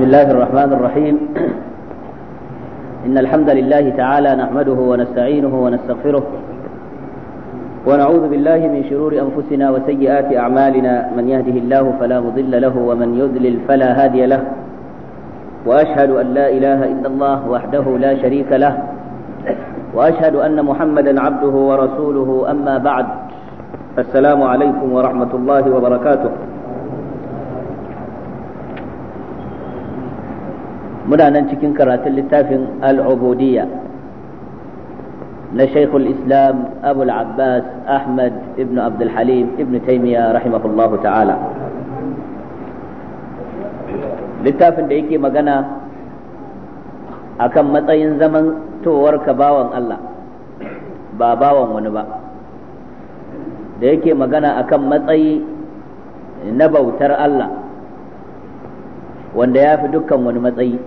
بسم الله الرحمن الرحيم إن الحمد لله تعالى نحمده ونستعينه ونستغفره ونعوذ بالله من شرور أنفسنا وسيئات أعمالنا من يهده الله فلا مضل له ومن يذلل فلا هادي له وأشهد أن لا إله إلا الله وحده لا شريك له وأشهد أن محمدا عبده ورسوله أما بعد السلام عليكم ورحمة الله وبركاته muna nan cikin karatun littafin al'ubudiyya na shaikhul islam abu abbas ahmad ibn abdulhalim ibn taimiyya rahimahullahu ta'ala littafin da yake magana akan matsayin zaman towar ka bawan Allah ba bawan wani ba da yake magana akan matsayi na bautar Allah wanda ya fi dukkan wani matsayi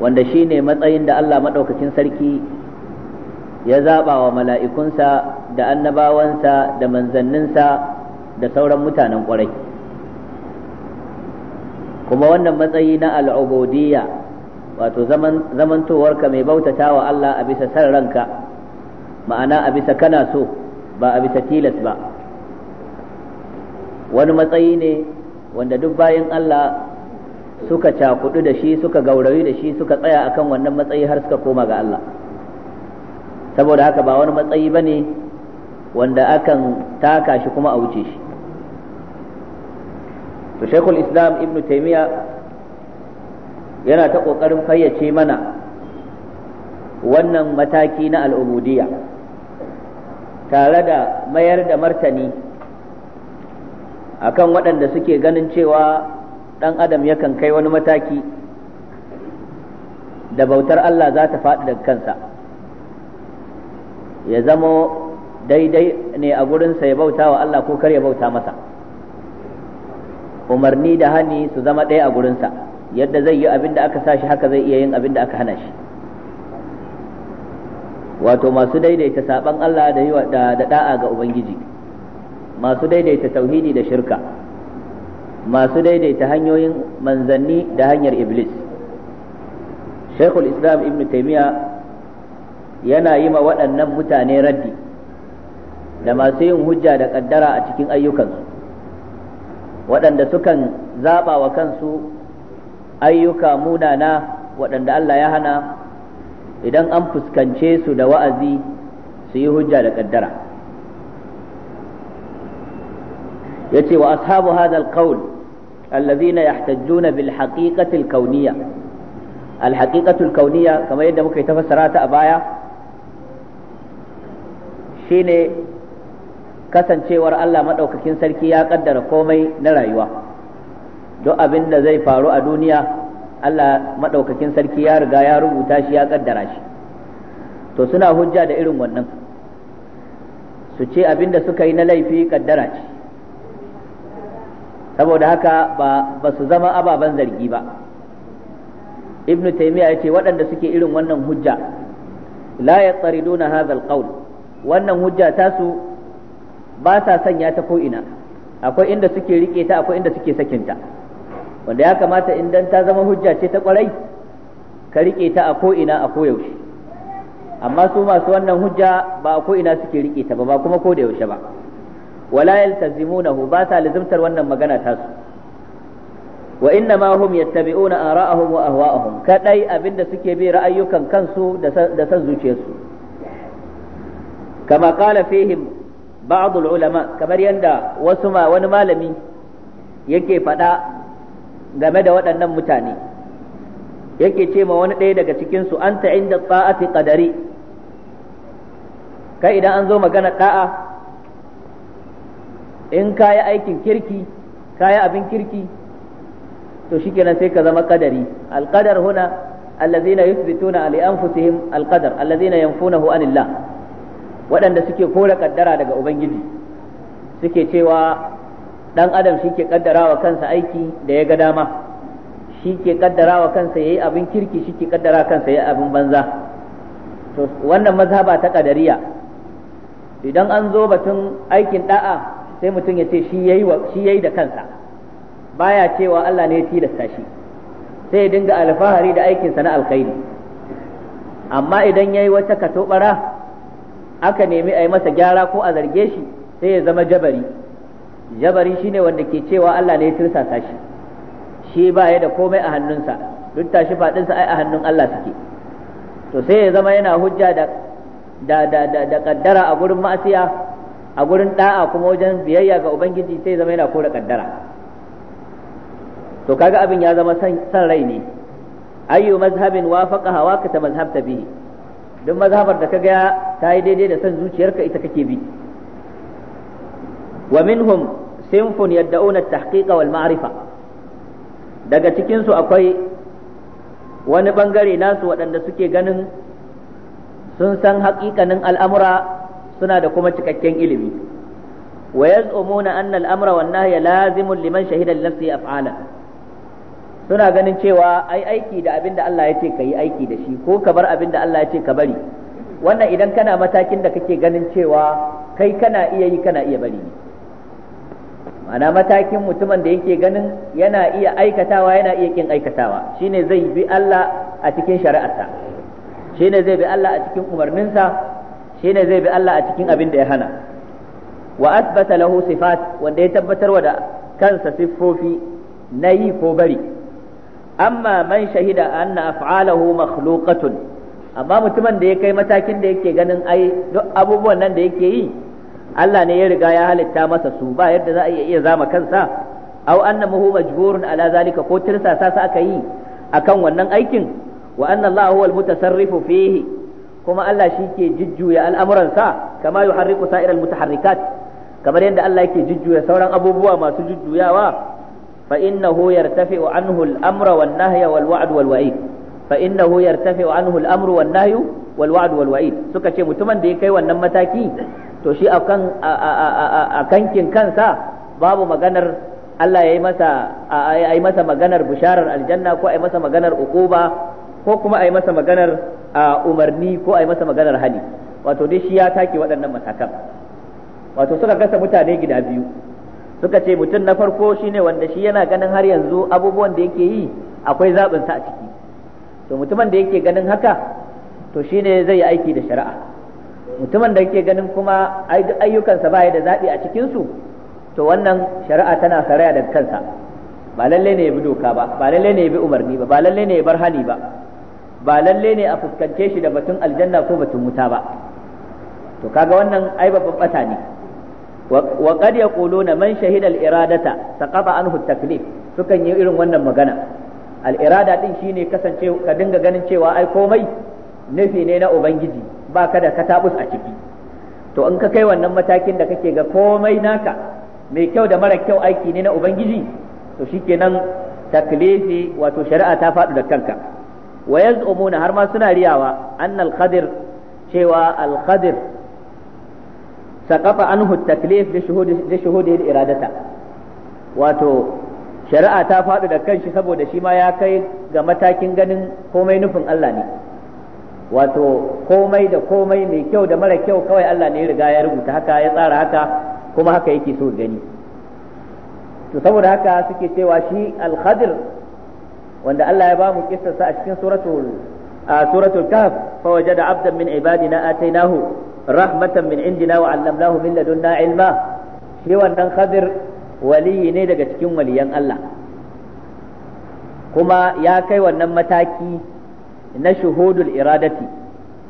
wanda shi ne matsayin da Allah maɗaukakin sarki ya zaɓa wa mala'ikunsa da annabawansa da manzanninsa da sauran mutanen ƙwarai kuma wannan matsayi na al’ubodiyya wato zamantowarka mai bautata wa Allah a bisa san ranka ma'ana a bisa kana so ba a bisa tilas ba wani matsayi ne wanda duk bayan Allah suka cakudu da shi suka gaurayi da shi suka tsaya akan wannan matsayi har suka koma ga Allah saboda haka ba wani matsayi bane wanda akan taka shi kuma a wuce shi to shekul islam ibn taimiya yana ta ƙoƙarin fayyace mana wannan mataki na al'ubudiyya tare da mayar da martani akan waɗanda suke ganin cewa dan adam yakan kai wani mataki da bautar Allah za ta faɗi daga kansa ya zamo daidai ne a gurinsa ya bauta wa Allah ko kar ya bauta masa umarni da hani su zama ɗaya a gurinsa yadda zai yi abin da aka sa shi haka zai iya yin abin da aka hana shi wato masu daidaita saban Allah da da'a ga Ubangiji masu daidaita tauhidi da shirka masu daidaita hanyoyin manzanni da hanyar iblis shekul islam ibn taimiyya yana yi ma waɗannan mutane raddi da masu yin hujja da ƙaddara a cikin ayyukansu waɗanda sukan zaɓa wa kansu ayyuka munana waɗanda Allah ya hana idan an fuskance su da wa'azi su yi hujja da ƙaddara ya ce wa ashabu hadal qawl الذين يحتجون بالحقيقة الكونية الحقيقة الكونية كما يدى مكي تفسرات أبايا شيني kasancewar Allah maɗaukakin sarki ya ƙaddara komai na rayuwa do abinda zai faru a duniya Allah maɗaukakin sarki ya riga ya rubuta shi ya ƙaddara shi to suna hujja da irin wannan su ce abinda da suka yi na laifi ƙaddara ce saboda haka ba ba su zama ababen zargi ba ibnu taymiya ce waɗanda suke irin wannan hujja la yattariduna hazal alqawl wannan hujja tasu ba sa sanya ta ko ina akwai inda suke rike ta akwai inda suke sakinta wanda ya kamata indan ta zama hujja ce ta kwarai ka rike ta a ko ina a koyaushe amma su masu wannan hujja ba a ko ina suke rike ta ba ba kuma ko da yaushe ba wala yaltazimunahu ba sa lazimtar wannan magana tasu wa inna ma hum yattabi'una ara'ahum wa ahwa'ahum kadai abinda suke bi ra'ayyukan kansu da san zuciyarsu kama qala fihim ba'd ulama kamar yanda wasu ma wani malami yake fada game da waɗannan mutane yake ce ma wani ɗaya daga cikin su anta inda ta'ati qadari kai idan an zo magana da'a in ka yi aikin kirki ka yi abin kirki to shi kenan sai ka zama kadari alqadar huna allazina yuthbituna ali anfusihim alqadar allazina yanfunahu anillah waɗanda suke kore kaddara daga ubangiji suke cewa dan adam shi ke kaddarawa kansa aiki da ya ga dama shi ke kaddarawa kansa yayi abin kirki shi ke kaddara kansa yayi abin banza to wannan mazhaba ta kadariya idan an zo batun aikin da'a sai mutum ya ce shi yayi shi da kansa baya cewa Allah ne ya tilasta shi sai ya dinga alfahari da aikinsa na alkhairi amma idan yayi wata katobara aka nemi a yi masa gyara ko a zarge shi sai ya zama jabari jabari shine wanda ke cewa Allah ne ya tilasta shi shi ba ya da komai a hannunsa duk tashi faɗinsa ai a hannun Allah suke to sai ya zama yana hujja da da da da, da a gurin ma'asiya a gurin da'a kuma wajen biyayya ga ubangiji sai zama yana kore kaddara to kaga abin ya zama san rai ne ayyu mazhabin wafaqa ka ta mazhabta bi duk mazhabar da kaga ta yi daidai da san zuciyarka ita kake bi wa minhum sinfun yad'una at wal ma'rifa daga cikin su akwai wani bangare nasu waɗanda suke ganin sun san haƙiƙanin al'amura suna da kuma cikakken ilimi wa yaz'umuna anna al-amra wan nahya lazimun liman shahida li nafsihi af'ala suna ganin cewa ai aiki da abinda Allah ya ce ka aiki da shi ko ka bar abinda Allah ya ka bari wannan idan kana matakin da kake ganin cewa kai kana iya yi kana iya bari ma'ana matakin mutumin da yake ganin yana iya aikatawa yana iya kin aikatawa shine zai bi Allah a cikin shari'arsa shine zai bi Allah a cikin umarninsa shine zai bi Allah a cikin abin da ya hana wa asbata lahu sifat wanda ya tabbatar wa da kansa siffofi na yi ko bari amma man shahida anna af'alahu makhluqatun amma mutumin da ya kai matakin da yake ganin ai duk abubuwan nan da yake yi Allah ne ya riga ya halitta masa su ba yadda za a iya zama kansa aw annahu majburun ala zalika ko tirsasa sa aka yi akan wannan aikin wa anna Allah huwa al-mutasarrifu fihi kuma Allah shi ke jujjuya al'amuransa kama yuharriku sa'iral mutaharrikat kamar yadda Allah yake jujjuya sauran abubuwa masu jujjuyawa fa innahu yartafi'u anhu al-amra wan nahya wal wa'd wal wa'id fa innahu yartafi'u anhu al-amru wan nahyu wal wa'd wal wa'id suka ce mutumin da ya kai wannan mataki to shi a akan kin kansa babu maganar Allah ya yi masa maganar bisharar aljanna ko a yi masa maganar ukuba ko kuma a yi masa maganar a umarni ko a yi masa maganar hali wato dai shi ya take waɗannan matakan wato suka gasa mutane gida biyu suka ce mutum na farko shine wanda shi yana ganin har yanzu abubuwan da yake yi akwai zaɓin sa a ciki to mutumin da yake ganin haka to shine zai yi aiki da shari'a mutumin da yake ganin kuma ayyukansa baya da zaɓi a cikinsu to wannan shari'a tana saraya da kansa ba lalle ne ya bi doka ba ba lalle ne ya bi umarni ba ba lalle ne ya bar hani ba ba lalle ne a fuskance shi da batun aljanna ko batun wuta ba to kaga wannan ai babban bata ne wa qad yaquluna man shahida al iradata saqata anhu at taklif sukan yi irin wannan magana al irada din shine kasance ka dinga ganin cewa ai komai nufi ne na ubangiji ba ka da katabus a ciki to in ka kai wannan matakin da kake ga komai naka mai kyau da mara kyau aiki ne na ubangiji to shikenan taklifi wato shari'a ta faɗi da kanka wa yaz'umuna har ma suna riyawa annal qadir cewa al qadir saqafa anhu taklif bi shuhudi bi shuhudi iradata wato shari'a ta faɗo da kanshi saboda shi ma ya kai ga matakin ganin komai nufin Allah ne wato komai da komai mai kyau da mara kyau kawai Allah ne ya riga ya rubuta haka ya tsara haka kuma haka yake so gani to saboda haka suke cewa shi al-khadir wanda Allah ya ba mu kissarsa a cikin suratul a suratul kahf fa wajada abdan min ibadina atainahu rahmatan min indina wa 'allamnahu min ladunna ilma shi wannan khadir waliyi ne daga cikin waliyan Allah kuma ya kai wannan mataki na shuhudul iradati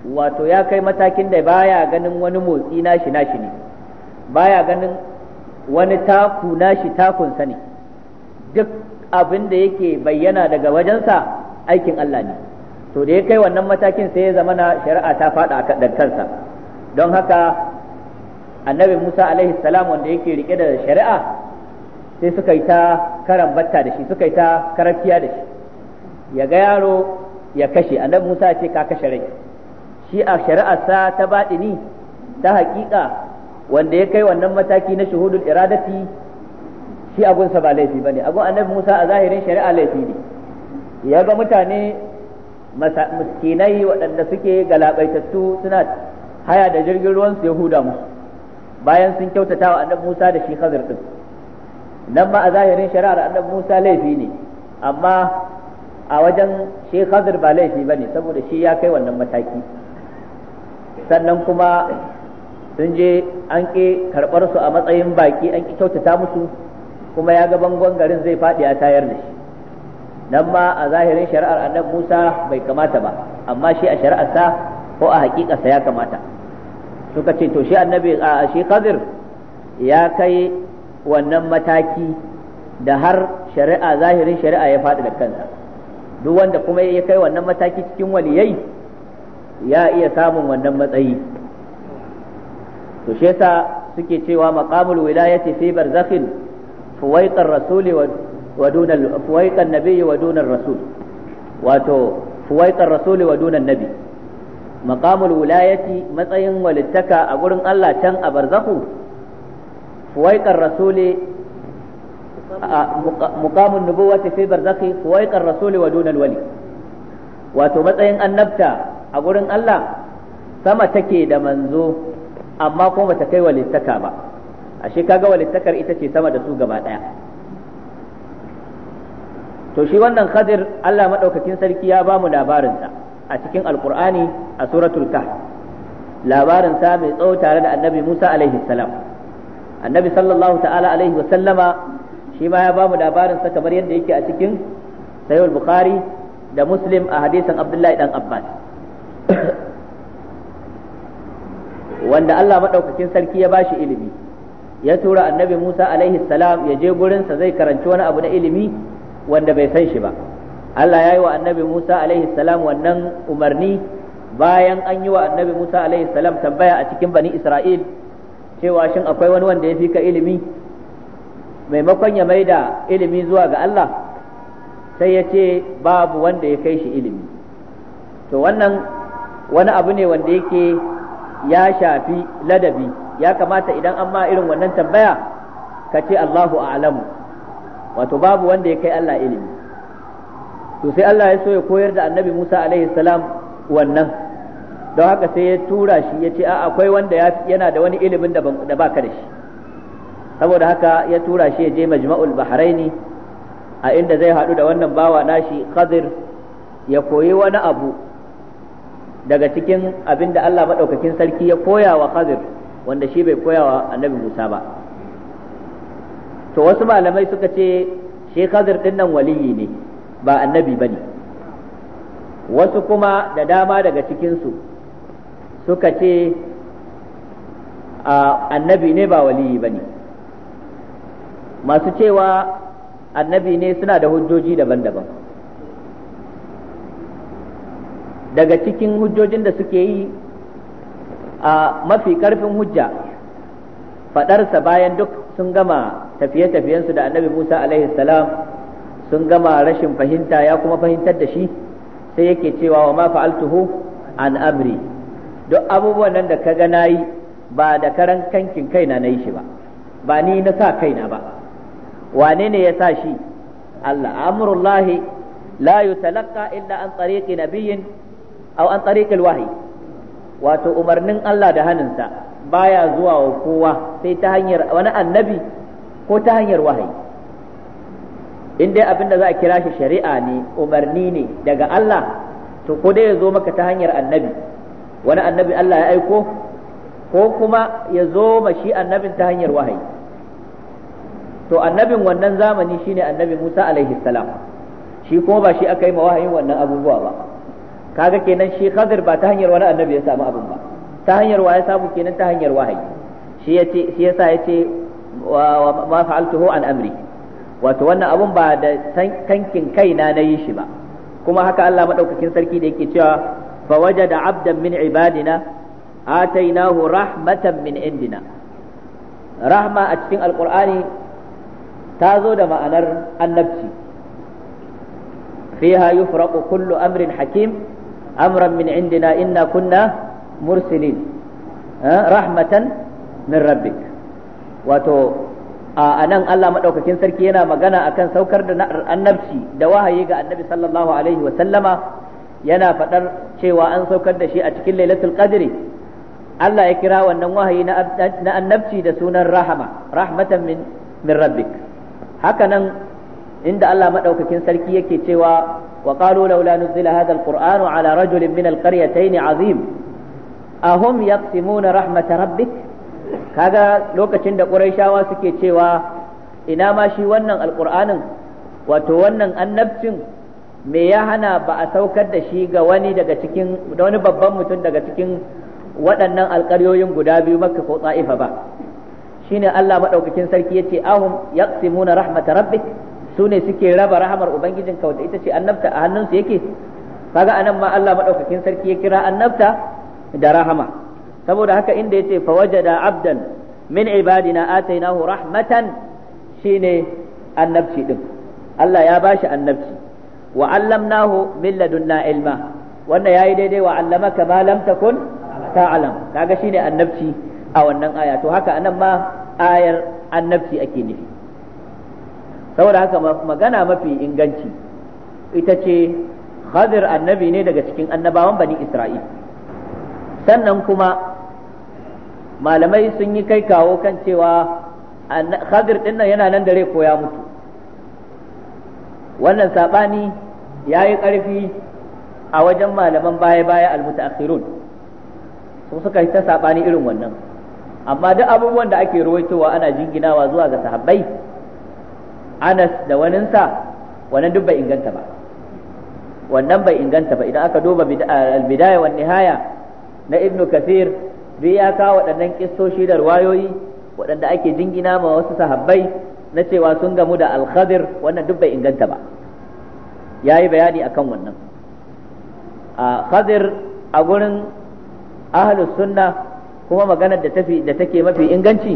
wato ya kai matakin da baya ganin wani motsi nashi nashi ne baya ganin wani taku nashi takun sani duk abin da yake bayyana daga wajensa aikin Allah ne to da ya kai wannan matakin sai ya zama na shari'a ta faɗa a kansa don haka annabi Musa alaihi salam wanda yake rike da shari'a sai suka yi ta karambatta da shi suka yi ta karafiya da shi ya ga yaro ya kashe annabi Musa ya ce ka kashe rai shi a shari'arsa ta ni? ta haƙiƙa wanda ya kai wannan mataki na shuhudul iradati shi agunsa ba laifi bane agun annabi Musa a zahirin shari'a laifi ne ya ga mutane miskinai waɗanda suke galabaitattu suna haya da jirgin ruwan su Yahuda musu bayan sun kyautata wa annabi Musa da shi Khazir din nan ma a zahirin shari'ar annabi Musa laifi ne amma a wajen shi Khazir ba laifi bane saboda shi ya kai wannan mataki sannan kuma sun je an ƙi karɓar su a matsayin baƙi an ƙi kyautata musu kuma ya ga bangon garin zai faɗi a tayar da shi nan ma a zahirin shari'ar annabi Musa bai kamata ba amma shi a shari'arsa ko a hakikarsa ya kamata suka ce to shi annabi a shi ya kai wannan mataki da har shari'a zahirin shari'a ya faɗi da kansa duk wanda kuma ya kai wannan mataki cikin waliyai ya iya samun wannan matsayi to shi yasa suke cewa maqamul wilayati fi barzakhin fuwaiqar rasuli wa wato nabi maqamul wilayati matsayin walittaka a gurin Allah can a barzahu fuwaiqar rasuli muqamun nubuwati fi barzakhi fuwaiqar rasuli wa dunal wali wato matsayin annabta a wurin Allah sama take da manzo amma kuma bata kai walittaka ba ashe kaga walittakar ita ce sama da su gaba daya to shi wannan khadir Allah madaukakin sarki ya bamu labarinsa a cikin alqur'ani a suratul kahf labarinsa mai tsawo tare da annabi Musa alaihi salam annabi sallallahu ta'ala alaihi wa sallama shi ma ya bamu labarinsa kamar yadda yake a cikin sahih bukhari da muslim a hadisin abdullahi dan abbas wanda Allah madaukakin sarki ya bashi ilimi ya tura annabi Musa alaihi salam ya je gurinsa zai karanci wani abu na ilimi wanda bai san shi ba Allah ya yi wa annabi Musa alaihi salam wannan umarni bayan an yi wa annabi Musa alaihi salam tambaya a cikin bani Isra'il cewa shin akwai wani wanda ya fi ka ilimi maimakon ya maida ilimi zuwa ga Allah sai ya ce babu wanda ya kai shi ilimi to wannan wani abu ne wanda yake ya shafi ladabi ya kamata idan an ma irin wannan tambaya ka ce Allahu a'lamu wato babu wanda ya kai Allah ilimi to sai Allah ya so ya koyar da annabi Musa alaihi salam wannan don haka sai ya tura shi ya ce akwai wanda yana da wani ilimin da baka da shi saboda haka ya tura shi ya je majma'ul bahraini a inda zai haɗu da wannan bawa nashi khadir ya koyi wani abu daga cikin abinda Allah maɗaukakin sarki ya koya wa khadir wanda shi bai koyawa annabi Musa ba to wasu malamai suka ce shi Khadir din nan waliyi ne ba annabi bane wasu kuma da dama daga cikin su suka ce annabi ne ba waliyi bane masu cewa annabi ne suna da hujjoji daban-daban daga cikin hujjojin da suke yi a mafi karfin hujja fadarsa bayan duk sun gama tafiye-tafiyensu da annabi Musa alaihi salam sun gama rashin fahimta ya kuma fahimtar da shi sai yake cewa wa ma fa'altuhu an amri duk abubuwan nan da ka ga nayi ba da karan kankin kaina na yi shi ba ba ni na sa kaina ba wane ne ya sa shi Allah amrullahi la yutalaqqa illa an tariqi nabiyyin aw an tariqil wahyi wato umarnin Allah da haninsa baya zuwa wa kowa sai ta hanyar wani annabi ko ta hanyar wahayi in dai abin da za a kira shi shari'a ne umarni ne daga Allah to ko dai ya zo maka ta hanyar annabi wani annabi Allah ya aiko ko kuma ya zo ma shi annabin ta hanyar wahayi to annabin wannan zamani shine annabi Musa alaihi salam shi kuma ba shi aka yi ma wahayin wannan abubuwa ba kaga kenan shi Khadir ba ta hanyar wani annabi ya samu abin ba ta hanyar wa ya samu kenan ta hanyar wahayi shi yace shi yasa yace wa ma fa'altuhu an amri wato wannan abun ba da tankin kaina na yi shi ba kuma haka Allah madaukakin sarki da yake cewa fa wajada abdan min ibadina atainahu rahmatan min indina rahma a cikin alqur'ani ta zo da ma'anar annabci fiha yufraqu kullu amrin hakim amran min indina inna kunna mursilin rahmatan min rabbik wato a nan Allah madaukakin sarki yana magana a kan saukar da annabci da wahayi ga annabi sallallahu alaihi wa sallama yana faɗar cewa an saukar da shi a cikin lailatul qadri Allah ya kira wannan wahayi na annabci da sunan rahama rahmatan min min rabbik haka nan inda Allah madaukakin sarki yake cewa وقالوا لولا نزل هذا القرآن على رجل من القريتين عظيم أهم يقسمون رحمة ربك kaga lokacin da ƙurayshawa suke cewa ina ma shi wannan alƙur'anin wato wannan annabcin me ya hana ba a saukar da shi ga wani daga cikin wani babban mutum daga cikin waɗannan alƙaryoyin guda biyu makka ko tsa'ifa ba shine Allah maɗaukacin sarki ya ce ahum yaqsimuna rahmata rabbik su ne suke raba rahamar ubangijin ka wanda ita ce annabta a hannunsu yake kaga anan ma Allah madaukakin sarki ya kira annabta da rahama saboda haka inda yace fawajada abdan min ibadina atainahu rahmatan shine annabci din Allah ya bashi annabci wa allamnahu min ladunna ilma wannan yayi daidai wa allamaka ma lam takun ta'lam kaga shine annabci a wannan aya to haka anan ma ayar annabci ake nufi saboda haka magana mafi inganci ita ce hadir annabi ne daga cikin annabawan bani isra'il sannan kuma malamai sun yi kai kawo kan cewa hadir din nan yana nan dare ko ya mutu wannan sabani ya yi ƙarfi a wajen malaman baya-baya almutaakhirun su suka yi ta sabani irin wannan amma duk abubuwan da ake ruwaitowa ana jinginawa zuwa ga sahabbai Anas da waninsa wannan duk bai inganta ba wannan bai inganta ba idan aka duba al-bidaya nihaya na Ibn Kathir bi ya kawo waɗannan kissoshi da ruwayoyi waɗanda ake jingina ma wasu sahabbai na cewa sun gamu da Alkhadir wannan duk bai inganta ba yayi bayani akan wannan a Khadir a gurin ahlus sunna kuma maganar da da take mafi inganci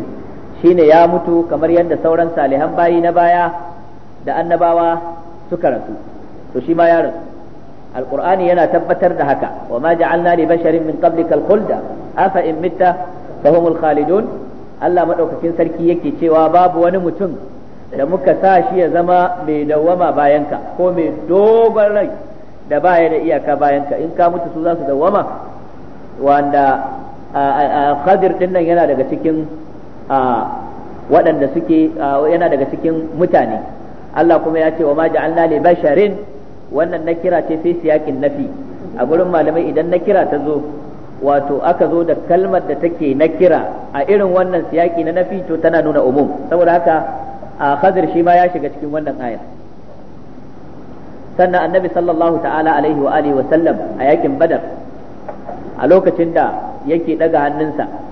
shine ya mutu kamar yadda sauran salihan bayi na baya da annabawa suka rasu to shi ma ya rasu alqur'ani yana tabbatar da haka wa ma ja'alna li basharin min qablika al-khulda afa in mitta fa humul khalidun Allah madaukakin sarki yake cewa babu wani mutum da muka sa shi ya zama mai dawwama bayanka ko mai dogon rai da baya da iyaka bayanka in ka mutu su za su dawwama wanda a khadir din nan yana daga cikin a waɗanda suke yana daga cikin mutane Allah kuma ya ce wa ma ja'alna li basharin wannan na kira ce fi siyakin nafi a gurin malamai idan na kira ta zo wato aka zo da kalmar da take na kira a irin wannan siyaki na nafi to tana nuna umum saboda haka a khadir shi ma ya shiga cikin wannan aya sannan annabi sallallahu ta'ala alaihi wa alihi wa sallam a yakin badar a lokacin da yake daga hannunsa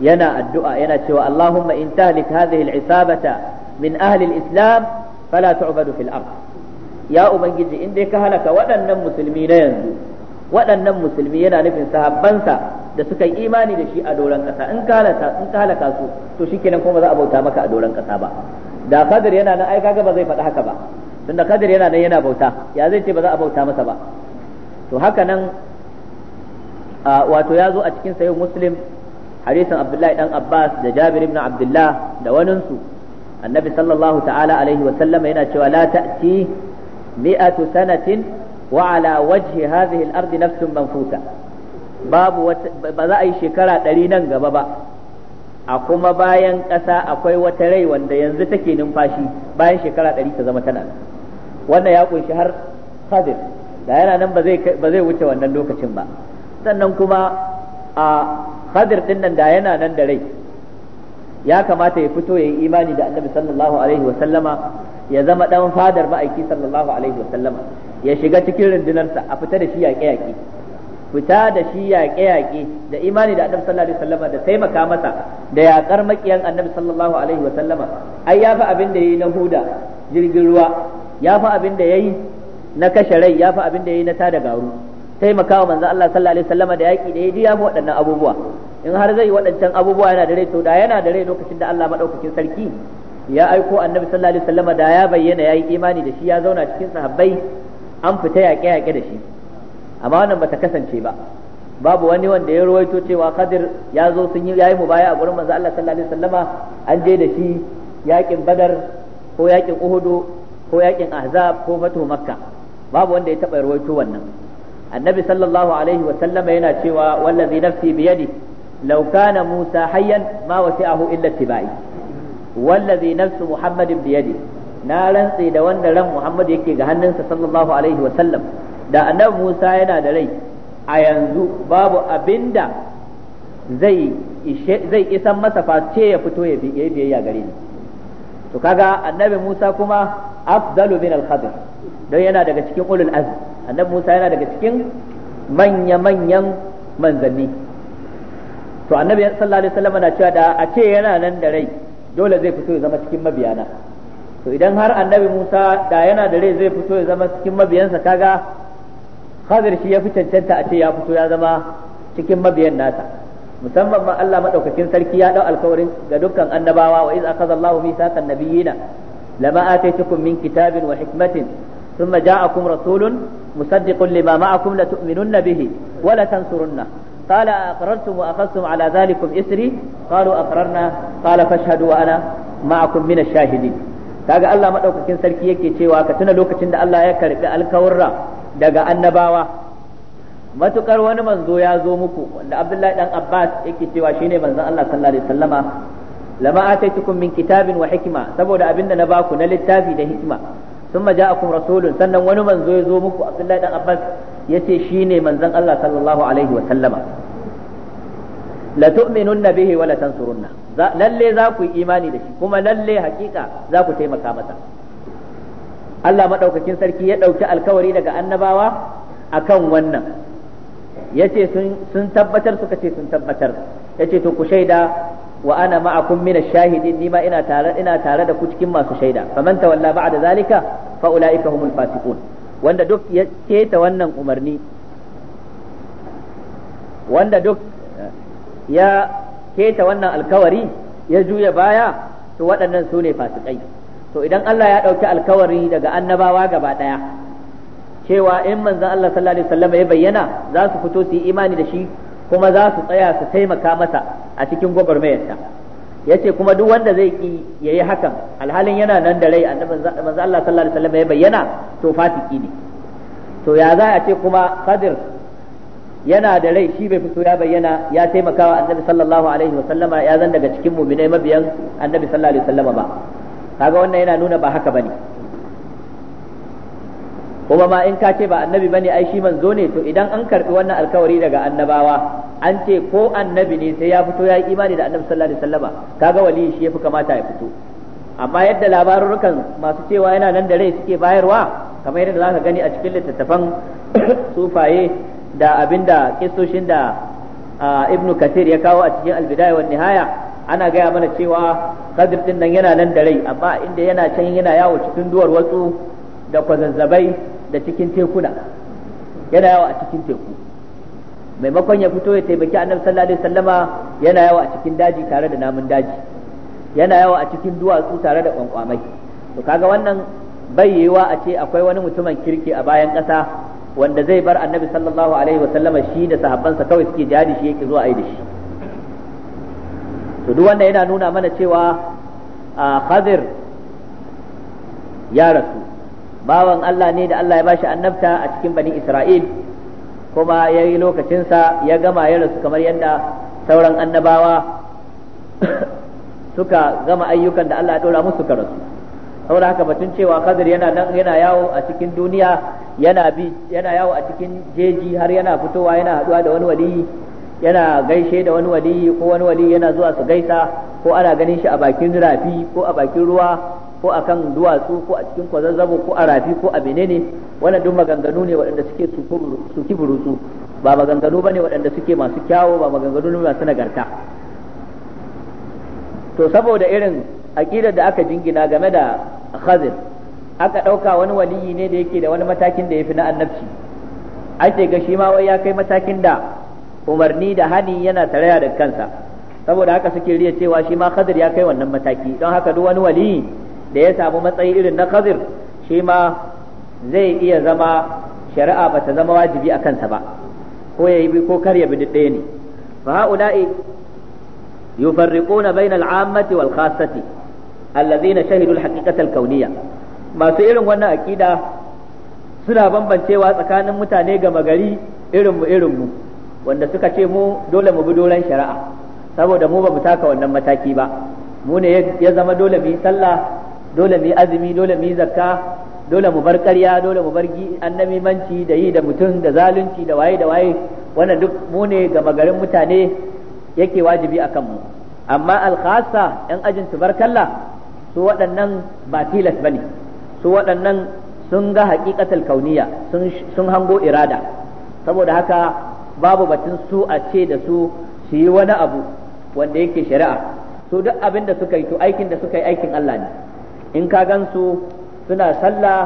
yana addu'a yana cewa Allahumma in tahlik hadhihi al-isabata min ahlil islam fala tu'badu fil ard ya ubangiji in dai ka halaka waɗannan musulmi na yanzu waɗannan musulmi yana nufin sahabbansa da suka yi imani da shi a doron ƙasa in ka halaka in ka halaka su to shikenan kuma za a bauta maka a doron ƙasa ba da kadir yana nan ai kaga ba zai faɗi haka ba tunda kadir yana nan yana bauta ya zai ce ba za a bauta masa ba to haka nan wato ya zo a cikin sayin muslim hadisin abdullahi dan abbas da jabir ibn abdullah da waninsu annabi sallallahu alaihi wa sallama yana cewa la ta'ti mi'atu sanatin wa ala wajhi hadhihi al-ard nafsun ba za a yi shekara ɗari nan gaba ba a kuma bayan ƙasa akwai wata rai wanda yanzu take numfashi bayan shekara ɗari ta zama tana wannan ya kunshi har khadir da yana nan ba zai wuce wannan lokacin ba sannan kuma a khadir din nan da yana nan da rai ya kamata ya fito ya yi imani da annabi sallallahu alaihi wa sallama ya zama dan fadar ma'aiki sallallahu alaihi wa sallama ya shiga cikin rundunarsa a fita da shi yaƙe-yaƙe fita da shi yaƙe-yaƙe da imani da annabi sallallahu alaihi sallama da taimaka masa da yaƙar maƙiyan annabi sallallahu alaihi sallama ai ya fi abin da yayi na huda jirgin ruwa ya fi abin da yayi na kashe rai ya fi abin da yayi na tada garu taimakawa manzo Allah sallallahu alaihi wasallama da yaki da yaji ya waɗannan abubuwa in har zai waɗancan abubuwa yana da rai to da yana da rai lokacin da Allah madaukakin sarki ya aiko annabi sallallahu alaihi wasallama da ya bayyana yayi imani da shi ya zauna cikin sahabbai an fita yaƙe yaƙe da shi amma wannan bata kasance ba babu wani wanda ya ruwaito cewa Khadir ya zo sun yi yayi mubaya a gurin manzo Allah sallallahu alaihi wasallama an je da shi yaƙin Badar ko yaƙin Uhud ko yaƙin Ahzab ko Fatu Makka babu wanda ya taɓa ruwaito wannan annabi sallallahu alaihi wa sallama yana cewa wallazi nafsi biyadi law kana musa hayyan ma wasi'ahu illa tibai wallazi nafsu muhammadin biyadi na rantse da wanda ran muhammadu yake ga hannunsa sallallahu alaihi wa sallam da annabi musa yana da rai a yanzu babu abinda zai zai isan masa face ya fito ya biyayya gare ni to kaga annabi Musa kuma afdalu min al-khadir don yana daga cikin ulul azm annabi Musa yana daga cikin manya manyan manzanni to annabi sallallahu alaihi wasallam na cewa da a ce yana nan da rai dole zai fito ya zama cikin mabiyana to idan har annabi Musa da yana da rai zai fito ya zama cikin mabiyansa kaga Khadir shi ya fi cancanta a ce ya fito ya zama cikin mabiyan nasa musamman ma Allah madaukakin sarki ya dau alkawarin ga dukkan annabawa wa iz akhadha Allahu mithaqan nabiyina lama ataytukum min kitabin wa hikmatin thumma ja'akum rasulun musaddiqun lima ma'akum la tu'minunna bihi wa la tansurunna قال أقررتم وأخذتم على ذلكم إسري قالوا أقررنا wa ana وأنا معكم من الشاهدين kaga Allah madaukakin sarki yake cewa ka tuna lokacin da Allah ya karbi alkawarra daga annabawa matukar wani manzo ya zo muku wanda Abdullahi dan Abbas yake cewa shine manzon Allah sallallahu alaihi wasallama lama ataitukum min kitabin wa hikima saboda abinda na baku na littafi da hikima thumma ja'akum rasulun sannan wani manzo ya zo muku Abdullahi dan Abbas yace shine manzon Allah sallallahu alaihi wasallama la tu'minunna bihi wa la tansurunna lalle za ku yi imani da shi kuma lalle hakika za ku taimaka masa Allah madaukakin sarki ya ɗauki alkawari daga annabawa akan wannan yace sun sun tabbatar suka ce sun tabbatar yace to ku shaida wa ana ma'akum mina ash-shahidin ina tare ina tare da ku cikin masu shaida faman tawalla ba'da zalika fa ulaika humul fasiqun wanda duk ya keta wannan umarni wanda duk ya keta wannan alkawari ya juya baya to waɗannan su ne fasikai to idan Allah ya ɗauki alkawari daga annabawa gaba ɗaya cewa in manzon Allah sallallahu alaihi wasallam ya bayyana za su fito su yi imani da shi kuma za su tsaya su taimaka masa a cikin gwagwarmayarsa yace kuma duk wanda zai ki yayi hakan alhalin yana nan da rai annabi manzo Allah sallallahu alaihi wasallam ya bayyana to fatiki ne to ya za a ce kuma qadir yana da rai shi bai fito ya bayyana ya taimakawa annabi sallallahu alaihi wasallama ya zan daga cikin mu'minai mabiyan annabi sallallahu alaihi wasallama ba kaga wannan yana nuna ba haka bane kuma ma in ka ce ba annabi bane ai shi manzo ne to idan an karbi wannan alkawari daga annabawa an ce ko annabi ne sai ya fito ya yi imani da annabi sallallahu alaihi wasallama kaga wali shi yafi kamata ya fito amma yadda labarurukan masu cewa yana nan da rai suke bayarwa kamar yadda zaka gani a cikin littattafan sufaye da abinda kistoshin da ibnu kathir ya kawo a cikin albidaya wa nihaya ana gaya mana cewa kadir din nan yana nan da rai amma inda yana can yana yawo cikin duwar watsu da kwazazzabai da cikin tekuna yana yawa a cikin teku maimakon ya fito ya taimaki annabi sallallahu alaihi wasallama yana yawa a cikin daji tare da namun daji yana yawa a cikin duwatsu tare da kwankwamai to kaga wannan bai yiwa a ce akwai wani mutumin kirki a bayan ƙasa wanda zai bar annabi sallallahu alaihi wasallama shi da sahabbansa kawai suke jihadi shi yake zuwa aidi shi to duk wanda yana nuna mana cewa a khadir ya rasu bawan Allah ne da Allah ya bashi annabta a cikin bani Isra'il kuma ya yi lokacinsa ya gama ya rasu kamar yadda sauran annabawa suka gama ayyukan da Allah ya ɗora musu ka rasu saboda haka batun cewa Kadir yana nan yana yawo a cikin duniya yana bi yana yawo a cikin jeji har yana fitowa yana haɗuwa da wani waliyi yana gaishe da wani waliyi ko wani waliyi yana zuwa su gaisa ko ana ganin shi a bakin rafi ko a bakin ruwa ko akan duwatsu ko a cikin kwazazzabo ko a rafi ko a menene wannan duk maganganu ne waɗanda suke su burutsu ba maganganu bane waɗanda suke masu kyawo ba maganganu ne masu nagarta to saboda irin aƙidar da aka jingina game da khazir aka ɗauka wani waliyi ne da yake da wani matakin da ya fi na annabci ake ga shi ma wai ya kai matakin da umarni da hani yana taraya da kansa saboda haka suke riya cewa shi ma khazir ya kai wannan mataki don haka duk wani waliyi da ya samu matsayi irin na Khadir shi ma zai iya zama shari'a ba ta zama wajibi a kansa ba ko ya yi ko kar ya bi ɗaya ne fa haula'i yufarriquna bainal 'ammati wal khassati alladhina shahidu al haqiqata al kawniyya masu irin wannan aqida suna bambancewa tsakanin mutane gama gari irin mu irin mu wanda suka ce mu dole mu bi dolan shari'a saboda mu ba mu taka wannan mataki ba mu ne ya zama dole mu yi sallah dole mu yi azumi dole mu yi zakka dole mu bar ƙarya dole mu bar annabi manci da yi da mutum da zalunci da waye da waye wannan duk mu ne gama garin mutane yake wajibi a mu amma alkhasa yan ajin tubarkalla su waɗannan ba tilas ba ne su waɗannan sun ga haƙiƙatar kauniya sun hango irada saboda haka babu batun su a ce da su su yi wani abu wanda yake shari'a su duk abin da suka yi to aikin da suka yi aikin Allah ne in ka gansu suna sallah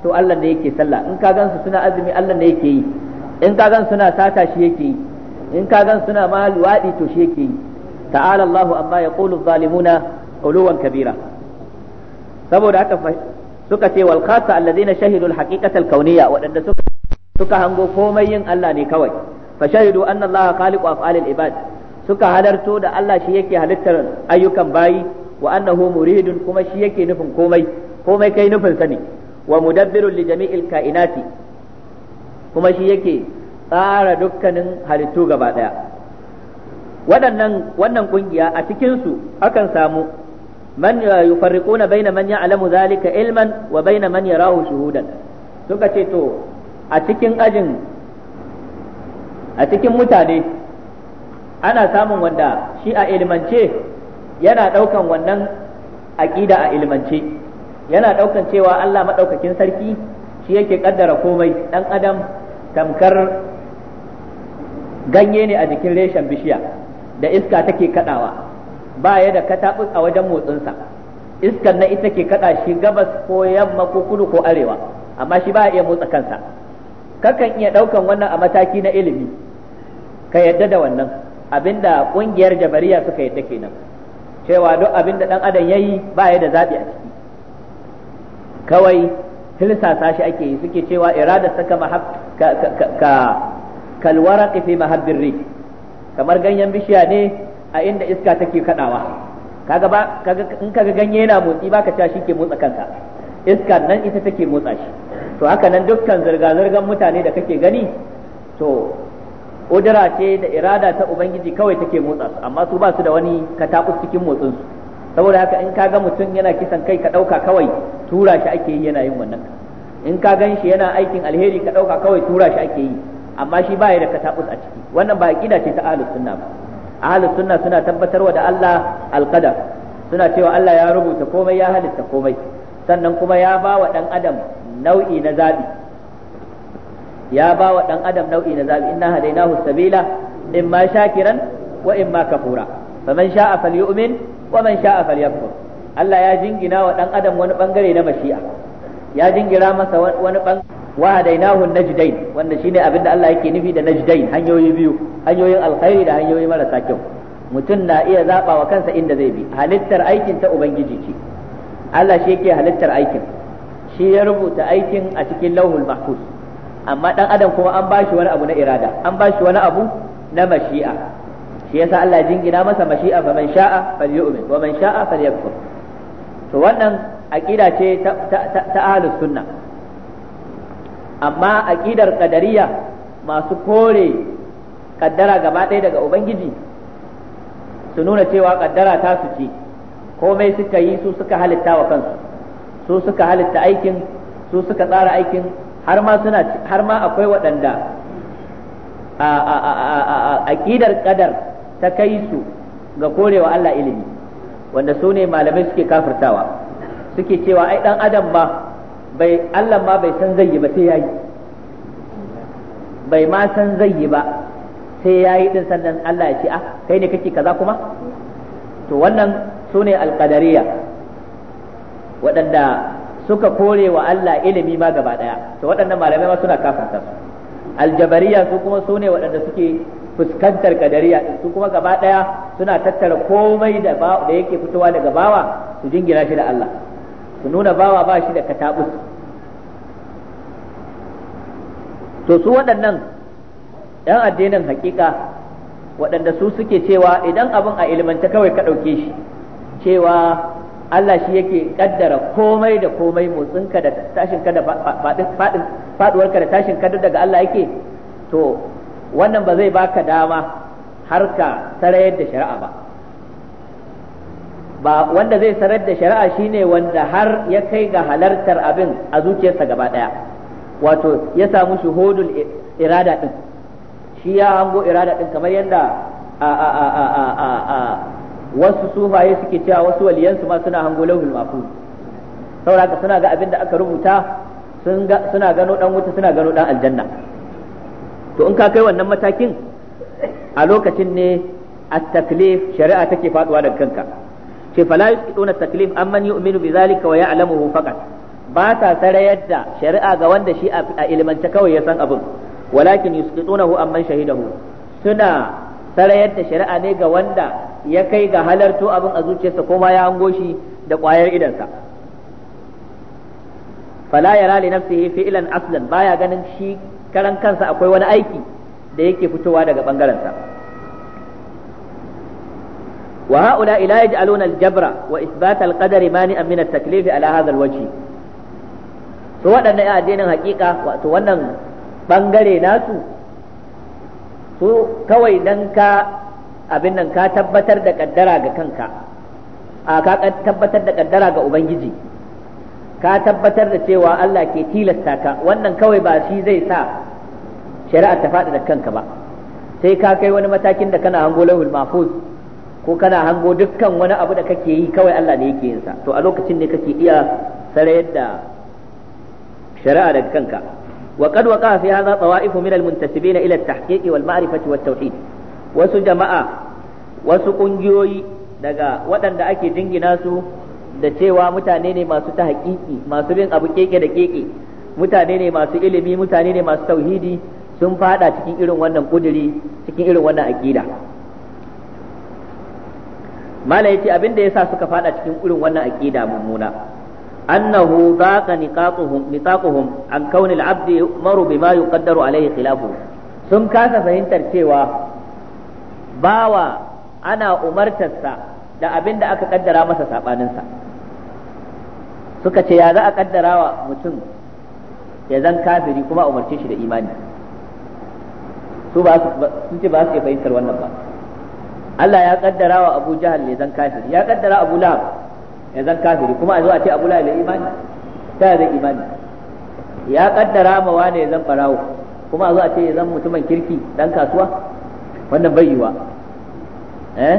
to Allah ne yake sallah in ka gansu suna azumi Allah ne yake yi in ka gansu suna sata shi yake yi in ka gansu suna ma luwadi to shi yake yi ta'ala Allahu amma yaqulu zalimuna uluwan kabira saboda haka suka ce wal khassa alladhina shahidu al haqiqata al kauniyya wadanda suka suka hango komai yin Allah ne kawai fa shahidu anna Allah khaliqu af'al al ibad suka halarto da Allah shi yake halittar ayyukan bayi wa annahu muridun kuma shi yake nufin komai komai kai nufin sa ne wa mudabbirul jami'il kainati kuma shi yake tsara dukkanin halittu gaba daya waɗannan wannan kungiya a cikin su akan samu man yufarriquna baina man ya'lamu zalika ilman wa baina man yarahu shuhudan suka ce to a cikin ajin a cikin mutane ana samun wanda shi a ilmance yana ɗaukan wannan aƙida a ilmance yana ɗaukan cewa Allah maɗaukakin sarki shi yake ƙaddara komai ɗan adam tamkar ganye ne a jikin reshen bishiya da iska take kaɗawa ba ya da kataɓus a wajen motsinsa iskan na ita ke kaɗa shi gabas ko yamma ko kudu ko arewa amma shi ba ya iya motsa kansa kakan iya ɗaukan wannan a mataki na ilimi ka yadda da wannan abinda ƙungiyar jabariya suka yadda kenan cewa duk abin da dan adam yayi ba ya da zabi a ciki kawai tilsasa shi ake yi suke cewa irada saka mahab ka ka kalwaraqi fi kamar ganyen bishiya ne a inda iska take kadawa kaga ba kaga in kaga ganye yana motsi baka cewa shi ke motsa kanka iska nan ita take motsa shi to haka nan dukkan zirga zirgan mutane da kake gani to kodara ce da irada ta ubangiji kawai take motsa su amma su ba su da wani katakus cikin motsin su saboda haka in ka ga mutum yana kisan kai ka dauka kawai tura shi ake yi yana yin wannan in ka gan shi yana aikin alheri ka dauka kawai tura shi ake yi amma shi baya da katakus a ciki wannan ba aqida ce ta ahlus sunna ba ahlus sunna suna tabbatarwa da Allah alqadar suna cewa Allah ya rubuta komai ya halitta komai sannan kuma ya ba wa dan adam nau'i na zabi ya ba wa dan adam nau'i na zabi inna hadainahu sabila ma shakiran wa ma kafura faman sha'a falyu'min wa man sha'a falyakfur Allah ya jingina wa ɗan adam wani bangare na mashi'a ya jingira masa wani bangare wa hadainahu najdain wanda shine abinda Allah yake nufi da najdain hanyoyi biyu hanyoyin alkhairi da hanyoyi marasa kyau mutum na iya zaɓawa wa kansa inda zai bi halittar aikin ta ubangiji ce Allah shi yake halittar aikin shi ya rubuta aikin a cikin lauhul mahfuz amma dan adam kuma an bashi wani abu na irada an bashi wani abu na mashi'a shi yasa Allah jingina masa mashi'a fa man sha'a falyu'min wa man sha'a falyakfur to wannan aqida ce ta ahlus sunna amma aqidar qadariya masu kore kaddara gaba ɗaya daga ubangiji su nuna cewa kaddara ta su ce komai suka yi su suka halitta wa kansu su suka halitta aikin su suka tsara aikin har ma suna har ma akwai waɗanda a aqidar qadar ta kai su ga korewa Allah ilimi wanda su ne malamai suke kafirtawa suke cewa ai dan adam ma bai Allah ma bai san zai yi ba sai yayi bai ma san zai yi ba sai yayi din sannan Allah ya ce ah kai ne kake kaza kuma to wannan su ne alqadariya waɗanda suka kore wa Allah ilimi ma gaba daya to waɗannan malamai ma suna kafirta su aljabariya su kuma su ne waɗanda suke fuskantar kadariya su kuma gaba daya suna tattara komai da da yake fitowa daga bawa su jingina shi da Allah su nuna bawa ba shi da katabus to su waɗannan ɗan addinin hakika waɗanda su suke cewa idan abin a ilimanta kawai ka ɗauke shi cewa Allah shi yake kaddara komai da komai motsinka da tashinka da faduwarka da tashinka duk daga Allah yake to wannan ba zai baka dama har ka sarayar da shari'a ba ba wanda zai sarar da shari'a shine wanda har ya kai ga halartar abin a zuciyarsa gaba daya wato ya samu shuhudul irada din shi ya hango irada din kamar yadda a a a a a wasu sufaye suke cewa wasu waliyansu ma suna hango lauhul mahfuz saboda suna ga abin da aka rubuta suna gano dan wuta suna gano dan aljanna to in ka kai wannan matakin a lokacin ne at-taklif shari'a take faduwa da kanka ce fala yusqiduna at-taklif amman yu'minu bi wa ya'lamuhu faqat ba ta sarayar yadda shari'a ga wanda shi a ilmanta kawai ya san abin walakin yusqidunahu amman shahidahu suna sarayar da shari'a ne ga wanda ya kai ga halarto abin a zuciyarsa ko ma ya hango shi da ƙwayar idansa fala yara li nafsihi fi'lan aslan baya ganin shi karan kansa akwai wani aiki da yake fitowa daga bangaren sa wa haula ila yaj'alun al-jabra wa isbatar al Imani mani'an min at-taklif ala hadha al-wajh to waɗannan addinin haƙiƙa wato wannan bangare nasu so kawai dan ka abin nan ka tabbatar da kaddara ga kanka a ka tabbatar da kaddara ga ubangiji ka tabbatar da cewa Allah ke tilasta ka wannan kawai ba shi zai sa shari'a ta faɗi da kanka ba sai ka kai wani matakin da kana hango lahul mahfuz ko kana hango dukkan wani abu da kake yi kawai Allah ne yake yin sa to a lokacin ne kake iya sarayar da shari'a daga kanka وقد وقع في هذا طوائف من المنتسبين إلى التحقيق والمعرفة والتوحيد wasu jama'a wasu ƙungiyoyi daga waɗanda ake jingina su da cewa mutane ne masu ta haƙiƙi masu bin abu keke da keke mutane ne masu ilimi mutane ne masu tauhidi sun fada cikin irin wannan ƙuduri cikin irin wannan aƙida mala yace abin da yasa suka fada cikin irin wannan aƙida mummuna أنه ضاق نقاطهم نطاقهم عن كون العبد يؤمر بما يقدر عليه خلافه sun kasa fahimtar cewa bawa ana umartarsa da abin aka kaddara masa saɓaninsa suka ce ya za a kaddara wa mutum ya zan kafiri kuma shi da imani sun ce ba su fahimtar wannan ba Allah ya kaddara wa Abu Jahal zan kafiri ya kaddara Abu Lahab ya zan kafiri kuma a zo a ce abu lahab imani ta zai imani ya kaddara ma wane ya zan farawo kuma a zo a ce ya zan mutumin kirki dan kasuwa wannan bai yiwa eh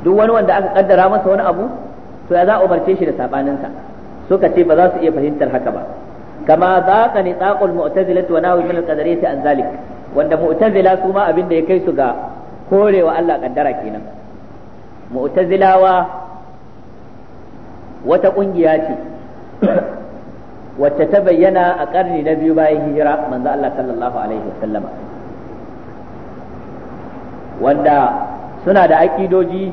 duk wani wanda aka kaddara masa wani abu to ya za a umarce shi da sabaninsa suka ce ba za su iya fahimtar haka ba kama za ka ni tsakul mu'tazila wa nawi min al-qadariyati an zalik wanda mu'tazila su ma abin da ya kai su ga korewa Allah kaddara kenan mu'tazilawa wata ƙungiya ce wacce ta bayyana a ƙarni na biyu bayan hijira manzo Allah sallallahu alaihi wasallama wanda suna da aƙidoji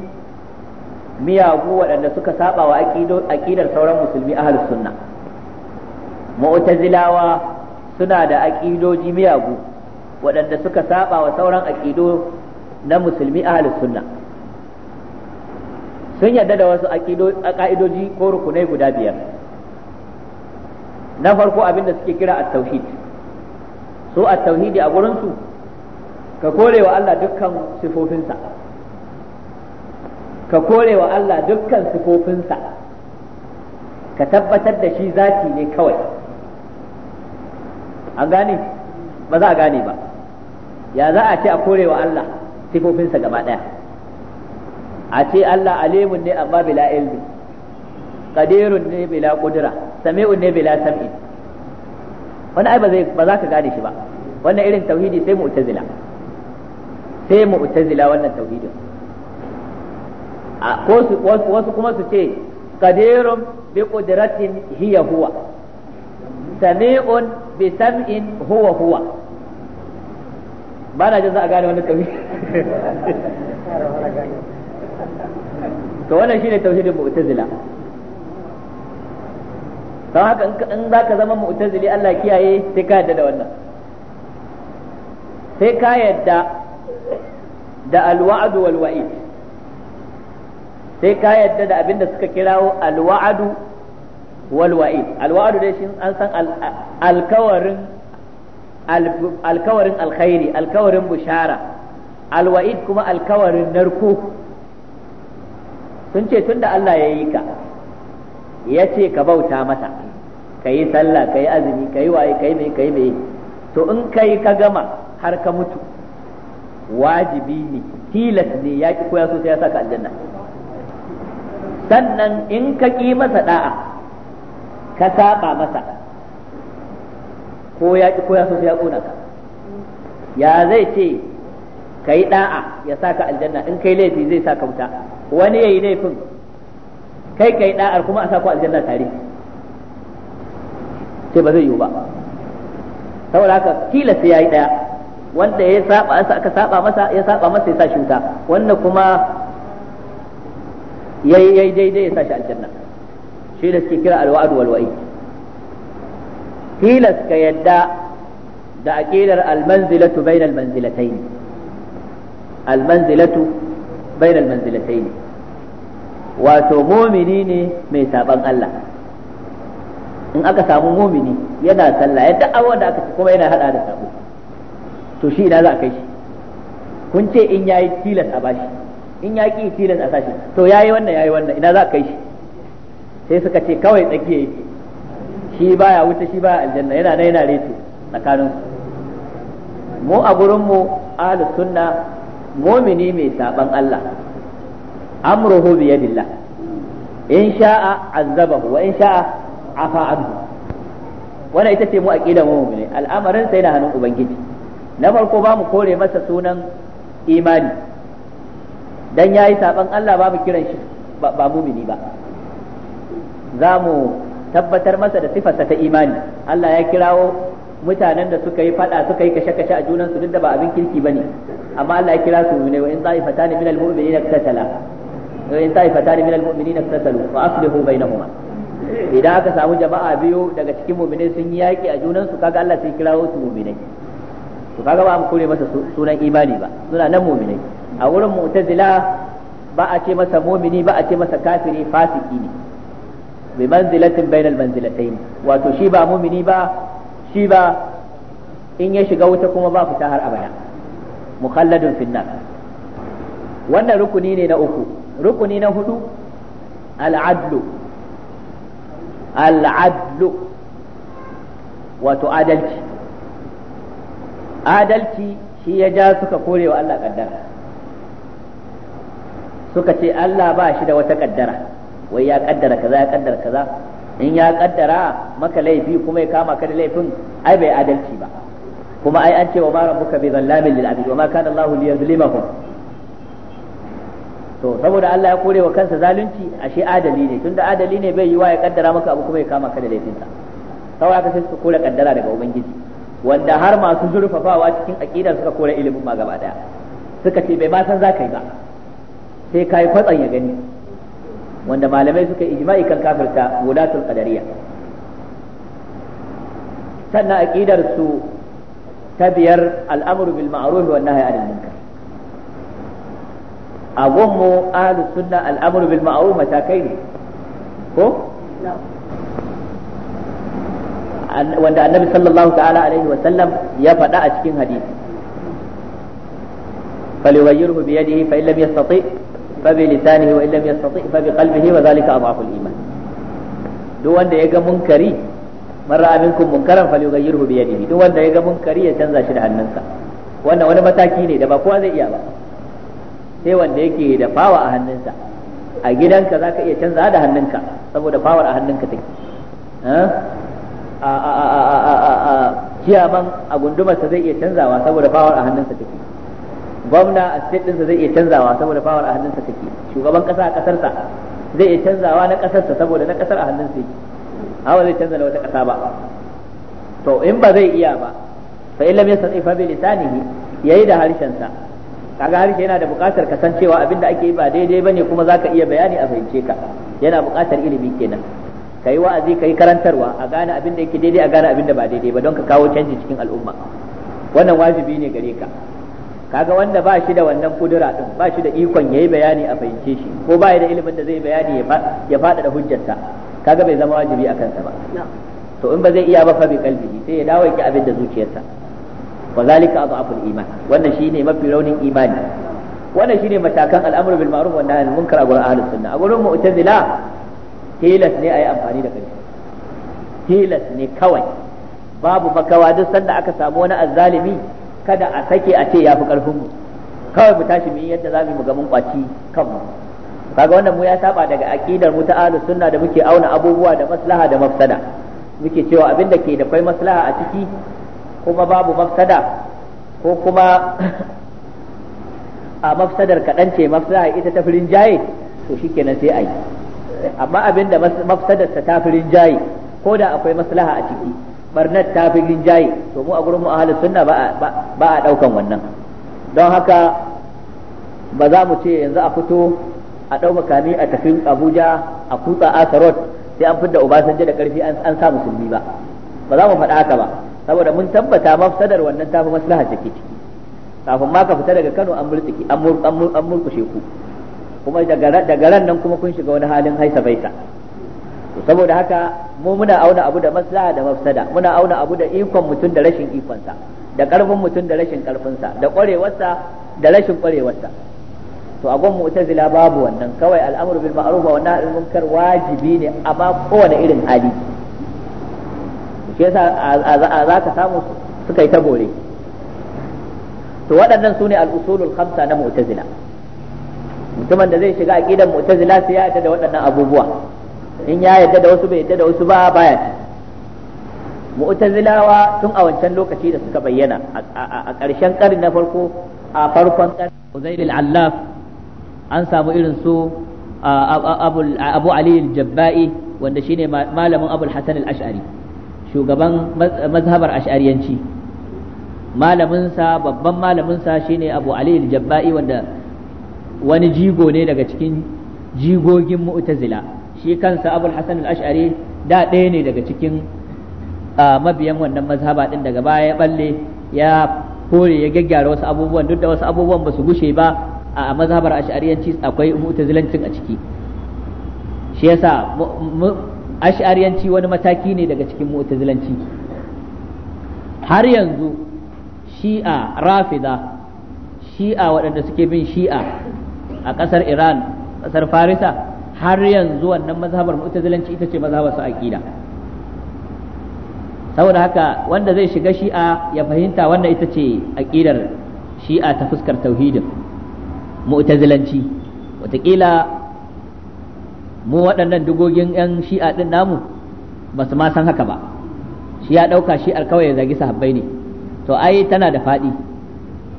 miyagu waɗanda suka saba wa aƙidar sauran musulmi ahlus sunna mu'tazilawa suna da aƙidoji miyagu waɗanda suka saba wa sauran aƙido na musulmi ahlus sunna sun yarda da wasu ƙa'idoji ko rukunai guda biyar na farko abin da suke kira at-tauhid so at-tauhidi a gurinsu, ka kore wa Allah dukkan sifofinsa ka kore wa Allah dukkan sifofinsa ka tabbatar da shi zati ne kawai an gane ba za a gane ba ya za a ce a kore wa Allah sifofinsa gaba ɗaya a ce Allah alimun ne amma bila ilmi qadirun ne bila kudura, sami'un ne bila sam'i wani ai ba zai ba za ka gane shi ba wannan irin tauhidi sai mu'tazila sai mu'tazila wannan tauhidin ko wasu kuma su ce qadirun bi qudratin hiya huwa sami'un bi sam'in huwa huwa bana na jin za a gane wannan tauhidi to wannan shine tauhidin mu'tazila don haka in za ka zama mu'tazili Allah kiyaye sai ka yadda da wannan sai ka yadda da alwa'adu wal wa'id sai ka yadda da abinda suka kirawo alwa'adu wal wa'id alwa'adu dai shin an san alkawarin alkawarin alkhairi alkawarin bushara alwa'id kuma alkawarin narko sun ce tunda Allah ya yi ka ya ce ka bauta masa ka yi sallah ka yi azumi ka yi waye ka yi mai ka yi mai to in ka yi ka gama har ka mutu wajibi ne tilas ne ya ki koya sosai ya sa ka aljanna sannan in ka ƙi masa da'a ka saba masa ko ya ki koya sosai ya kona ka ya zai ce ka yi da'a ya sa ka aljanna in kai laifi zai sa ka wuta wani yayi laifin kai kai da'ar kuma a sa ku aljanna tare sai ba zai yiwu ba saboda haka kila sai yayi daya wanda ya saba aka saba masa ya saba masa ya sa shi wuta wannan kuma yayi yayi daidai ya sa shi aljanna shi da suke kira alwa'd wal wa'i tilas ka yadda da aqidar almanzilatu bainal manzilatayn almanzilatu bainal ne, wato mumini ne mai saban Allah in aka samu mumini yana sallah ya da'awa da aka kuma yana hada da sabo to shi ina za a kai shi kun ce in yayi tilas a bashi in ya ki tilas a sashi to yayi wannan yayi wannan ina za a kai shi sai suka ce kawai tsakiya yake shi baya wuta shi baya aljanna yana na yana reto tsakanin mu a gurin mu ahlus sunna mumini mai saban Allah amruhu bi yadillah in sha'a azabahu wa in sha'a afa anhu wannan ita ce mu aqida mu'mini al'amarin sai da hannun ubangiji na farko ba mu kore masa sunan imani dan yayi saban Allah ba mu kiran shi ba mu'mini ba za mu tabbatar masa da sifarsa ta imani Allah ya kirawo mutanen da suka yi fada suka yi kashe-kashe a junansu duk da ba abin kirki bane amma Allah ya kira su mu'minai wa in ta'ifatan min al-mu'minina iktatala wa in ta'ifatan min al-mu'minina iktatalu fa aslihu bainahuma idan aka samu jama'a biyu daga cikin mu'minai sun yi yaki a junan su kaga Allah sai kirawo su mu'minai to kaga ba mu kore masa sunan imani ba suna nan mu'minai a wurin mu'tazila ba a ce masa mu'mini ba a ce masa kafiri fasiki ne bi manzilatin bainal manzilatayn wato shi ba mu'mini ba shi ba in ya shiga wuta kuma ba fita har abada mukhalladun finnar wannan rukuni ne na uku rukuni na hudu al'adlu al'adlu wato adalci adalci shi ya ja suka korewa Allah kaddara suka ce Allah ba shi da wata kaddara wai ya kaddara kaza ya kaddara kaza in ya kaddara maka laifi kuma ya kama ka da laifin ai bai adalci ba kuma ai an ce wa mara rabbuka bi zallamin lil abid wa ma kana Allahu liyazlimahum to saboda Allah ya kore wa kansa zalunci ashe adali ne tunda adali ne bai yi wa ya kaddara maka abu kuma ya kama ka da laifinsa saboda haka sai suka kore kaddara daga ubangiji wanda har masu zurfafawa cikin aqidar suka kore ilimin ma gaba daya suka ce bai ma san zaka yi ba sai kai kwatsan ya gani wanda malamai suka ijma'i kan kafirta wulatul qadariyya sannan aqidar su ta biyar Al'amuru bil ma'ruf wannan nahyi anil munkar a gunmu ahlus sunna al'amru bil ma'ruf matakai ne ko wanda annabi sallallahu ta'ala alaihi wa sallam ya faɗa a cikin hadisi falyughayyirhu bi yadihi fa illam yastati fa bi lisanihi wa illam yastati fa bi qalbihi wa dhalika adhafu al-iman duk wanda ya ga munkari man ra'a minkum munkaran falyughayyirhu bi yadihi duk wanda ya ga munkari ya canza shi da hannunsa wannan wani mataki ne da ba kowa zai iya ba sai wanda yake da fawa a hannunsa a gidanka zaka iya canza da hannunka saboda fawar a hannunka take ciyaman a gundumarsa zai iya canzawa saboda fawar a hannunsa take gwamna a state ɗinsa zai iya canzawa saboda fawar a hannunsa take shugaban ƙasa a ƙasarsa zai iya canzawa na ƙasarsa saboda na ƙasar a hannunsa yake hawa zai canza da wata ƙasa ba to in ba zai iya ba fa illam yastati fa bi lisanihi yayi da sa. kaga harshe yana da buƙatar kasancewa abinda ake yi ba daidai bane kuma zaka iya bayani a fahimce ka yana buƙatar ilimi kenan kai wa'azi kai karantarwa a gane abin da yake daidai a gane abin da ba daidai ba don ka kawo canji cikin al'umma wannan wajibi ne gare ka kaga wanda ba shi da wannan kudura din ba shi da ikon yayi bayani a fahimce shi ko ba da ilimin da zai bayani ya faɗaɗa hujjarsa kaga bai zama wajibi a kansa ba to in ba zai iya ba fa bi sai ya dawo ki abin da zuciyarsa wa zalika adhaful iman wannan shine mafi raunin imani wannan shine matakan al'amru bil ma'ruf wa nahy anil munkar a gurin ahlus sunna a gurin mu'tazila tilas ne ayi amfani da kai tilas ne kawai babu makawa duk sanda aka samu wani azzalimi kada a sake a ce yafi karfin mu kawai mu tashi mu yi yadda zamu mu ga mun kwaci kanmu kaga wannan mu ya saba daga aqidar mu ta ahlus sunna da muke auna abubuwa da maslaha da mafsada muke cewa abin da ke da kai maslaha a ciki kuma babu mafsada ko kuma a mafsadar kaɗan ce mafsada ita ta firin jaye to shikenan sai ai amma abin da mafsadar ta firin jaye ko da akwai maslaha a ciki barnar ta firin jaye to mu a gurin mu ahlus sunna ba ba a daukan wannan don haka ba za mu ce yanzu a fito a ɗau makami a tafi Abuja a kutsa Asarot sai an fidda Obasanjo da ƙarfi an sa musulmi ba ba za mu faɗa haka ba saboda mun tabbata mafsadar wannan tafi maslaha take ciki kafin ma ka fita daga Kano an murtsiki an murkushe ku kuma daga ran nan kuma kun shiga wani halin haisa baita saboda haka mu muna auna abu da maslaha da mafsada muna auna abu da ikon mutum da rashin ikonsa da ƙarfin mutum da rashin ƙarfinsa da ƙwarewarsa da rashin ƙwarewarsa. to a gon mu'tazila babu wannan kawai al'amru bil ma'ruf wa nahy anil munkar wajibi ne amma kowane irin hali shi yasa za ka samu suka yi ta bore to waɗannan sune al-usulul khamsa na mu'tazila mutumin da zai shiga aqidan mu'tazila sai ya yadda da waɗannan abubuwa in ya yadda da wasu bai yadda da wasu ba baya ci mu'tazilawa tun a wancan lokaci da suka bayyana a ƙarshen ƙarni na farko a farkon ƙarni Uzair allah. an samu irin su abu ali jabba'i wanda shine malamin abul hasan al-ash'ari shugaban mazhabar ash'ariyanci sa babban malaminsa shine abu ali jabba'i wanda wani jigo ne daga cikin jigogin mu'tazila shi kansa abul hasan al-ash'ari da ɗaya ne daga cikin mabiyan wannan mazhaba din daga baya ya balle ya kore ya gaggyara wasu abubuwan duk da wasu abubuwan ba su gushe ba a mazhabar ash'ariyanci akwai mu'tazilancin a ciki shi yasa ash'ariyanci wani mataki ne daga cikin mu'tazilanci har yanzu shi'a rafida shi'a waɗanda suke bin shi'a a ƙasar iran ƙasar farisa har yanzu wannan mazhabar mu'tazilanci ita ce mazhabar su aqida saboda haka wanda zai shiga shi'a ya fahimta wannan ita ce aqidar shi'a ta fuskar tauhidin mu'tazilanci watakila mu waɗannan dugogin 'yan shi'a ɗin namu ba su ma san haka ba shi ya ɗauka shi'ar kawai ya zagi sahabbai ne to ai tana da faɗi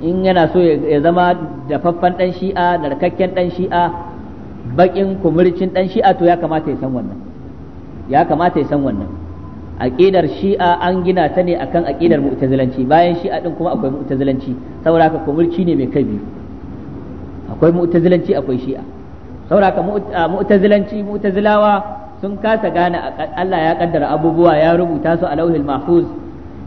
in yana so ya zama dafaffen ɗan shi'a narkakken ɗan shi'a baƙin kumurcin ɗan shi'a to ya kamata ya san wannan ya kamata ya san wannan aqidar shi'a an gina ta ne akan aqidar mu'tazilanci bayan shi'a ɗin kuma akwai mu'tazilanci saboda haka kumurci ne mai kai biyu akwai mu'tazilanci akwai shi'a saboda mu'tazilanci mu'tazilawa sun kasa gane Allah ya kaddara abubuwa ya rubuta su a lauhil mahfuz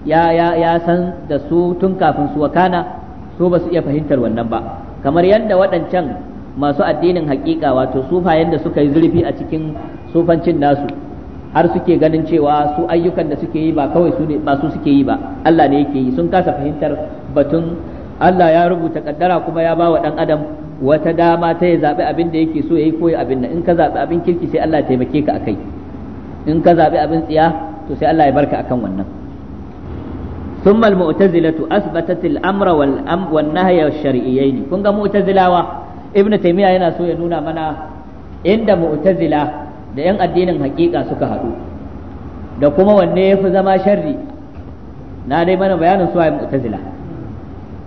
ya ya ya san da su tun kafin su wakana su ba su iya fahimtar wannan ba kamar yadda waɗancan masu addinin hakika wato sufayen da suka yi zurfi a cikin sufancin nasu har suke ganin cewa su ayyukan da suke yi ba kawai su ne ba suke yi ba Allah ne yake yi sun kasa fahimtar batun Allah ya rubuta kaddara kuma ya ba wa dan adam wata dama ta ya zaɓi abin yake so ya yi koyi abin nan in ka zaɓi abin kirki sai Allah taimake ka akai in ka zaɓi abin tsiya to sai Allah ya barka akan wannan ثم المعتزلة أثبتت الأمر والنهي الشرعيين كن معتزلة ابن تيمية yana so ya nuna mana inda mu'tazila da 'yan addinin hakika suka haɗu da kuma wanne ya fi zama sharri na dai mana bayanin suwaye mu'tazila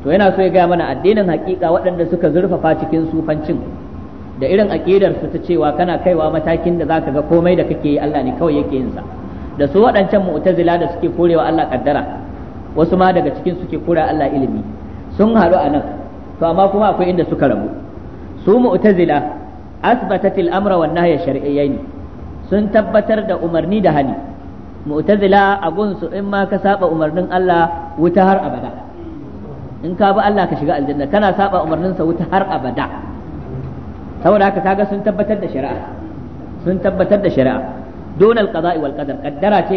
to yana so ya gaya mana addinin hakika waɗanda suka zurfafa cikin sufancin da irin aƙidar su ta cewa kana kaiwa matakin da za ka ga komai da kake yi Allah ne kawai yake yin sa da su waɗancan mu'tazila da suke korewa Allah kaddara wasu ma daga cikin suke kore Allah ilimi sun haɗu a nan to amma kuma akwai inda suka rabu su mu'tazila asbatat al-amra wan nahya shar'iyyain sun tabbatar da umarni da hali, mu'tazila a gunsu in ma ka saba umarnin Allah wuta har abada in ka bi Allah ka shiga aljanna tana saba umarninsa wuta har abada saboda haka ga sun tabbatar da shari'a donal tabbatar da shari'a دون القضاء والقدر قدرة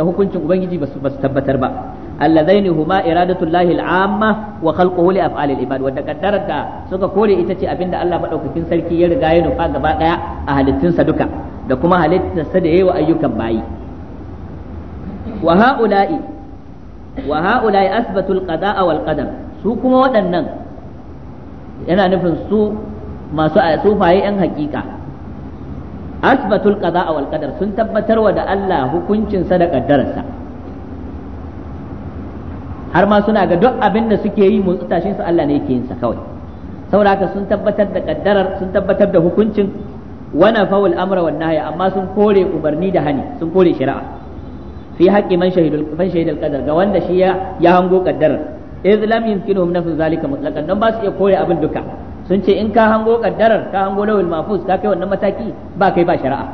hukuncin ubangiji basu basu tabbatar ba alladaini huma iradatu llahi al'amma wa khalquhu li af'al al-ibad suka kore ita ce abinda Allah madaukakin sarki ya riga ya nufa gaba daya a halittunsa duka da kuma halittarsa da yayi wa ayyukan bayi wa ha'ula'i wa ha'ulai asbatul qada'a wal qadar su kuma waɗannan yana nufin su masu sufaye yan hakika asbatul qada'a wal qadar sun tabbatarwa da Allah hukuncin da har ma suna ga duk abin da suke yi mun tashin su Allah ne yake yin sa kawai saboda haka sun tabbatar da kaddarar sun tabbatar da hukuncin wana faul amra wan nahya amma sun kore umarni da hani sun kore shari'a fi haƙƙi man shahidul fan qadar ga wanda shi ya ya hango kaddarar iz lam yumkinuhum nafsu zalika mutlaqan dan ba su iya kore abin duka sun ce in ka hango kaddarar ka hango lawil mafus ka kai wannan mataki ba kai ba shari'a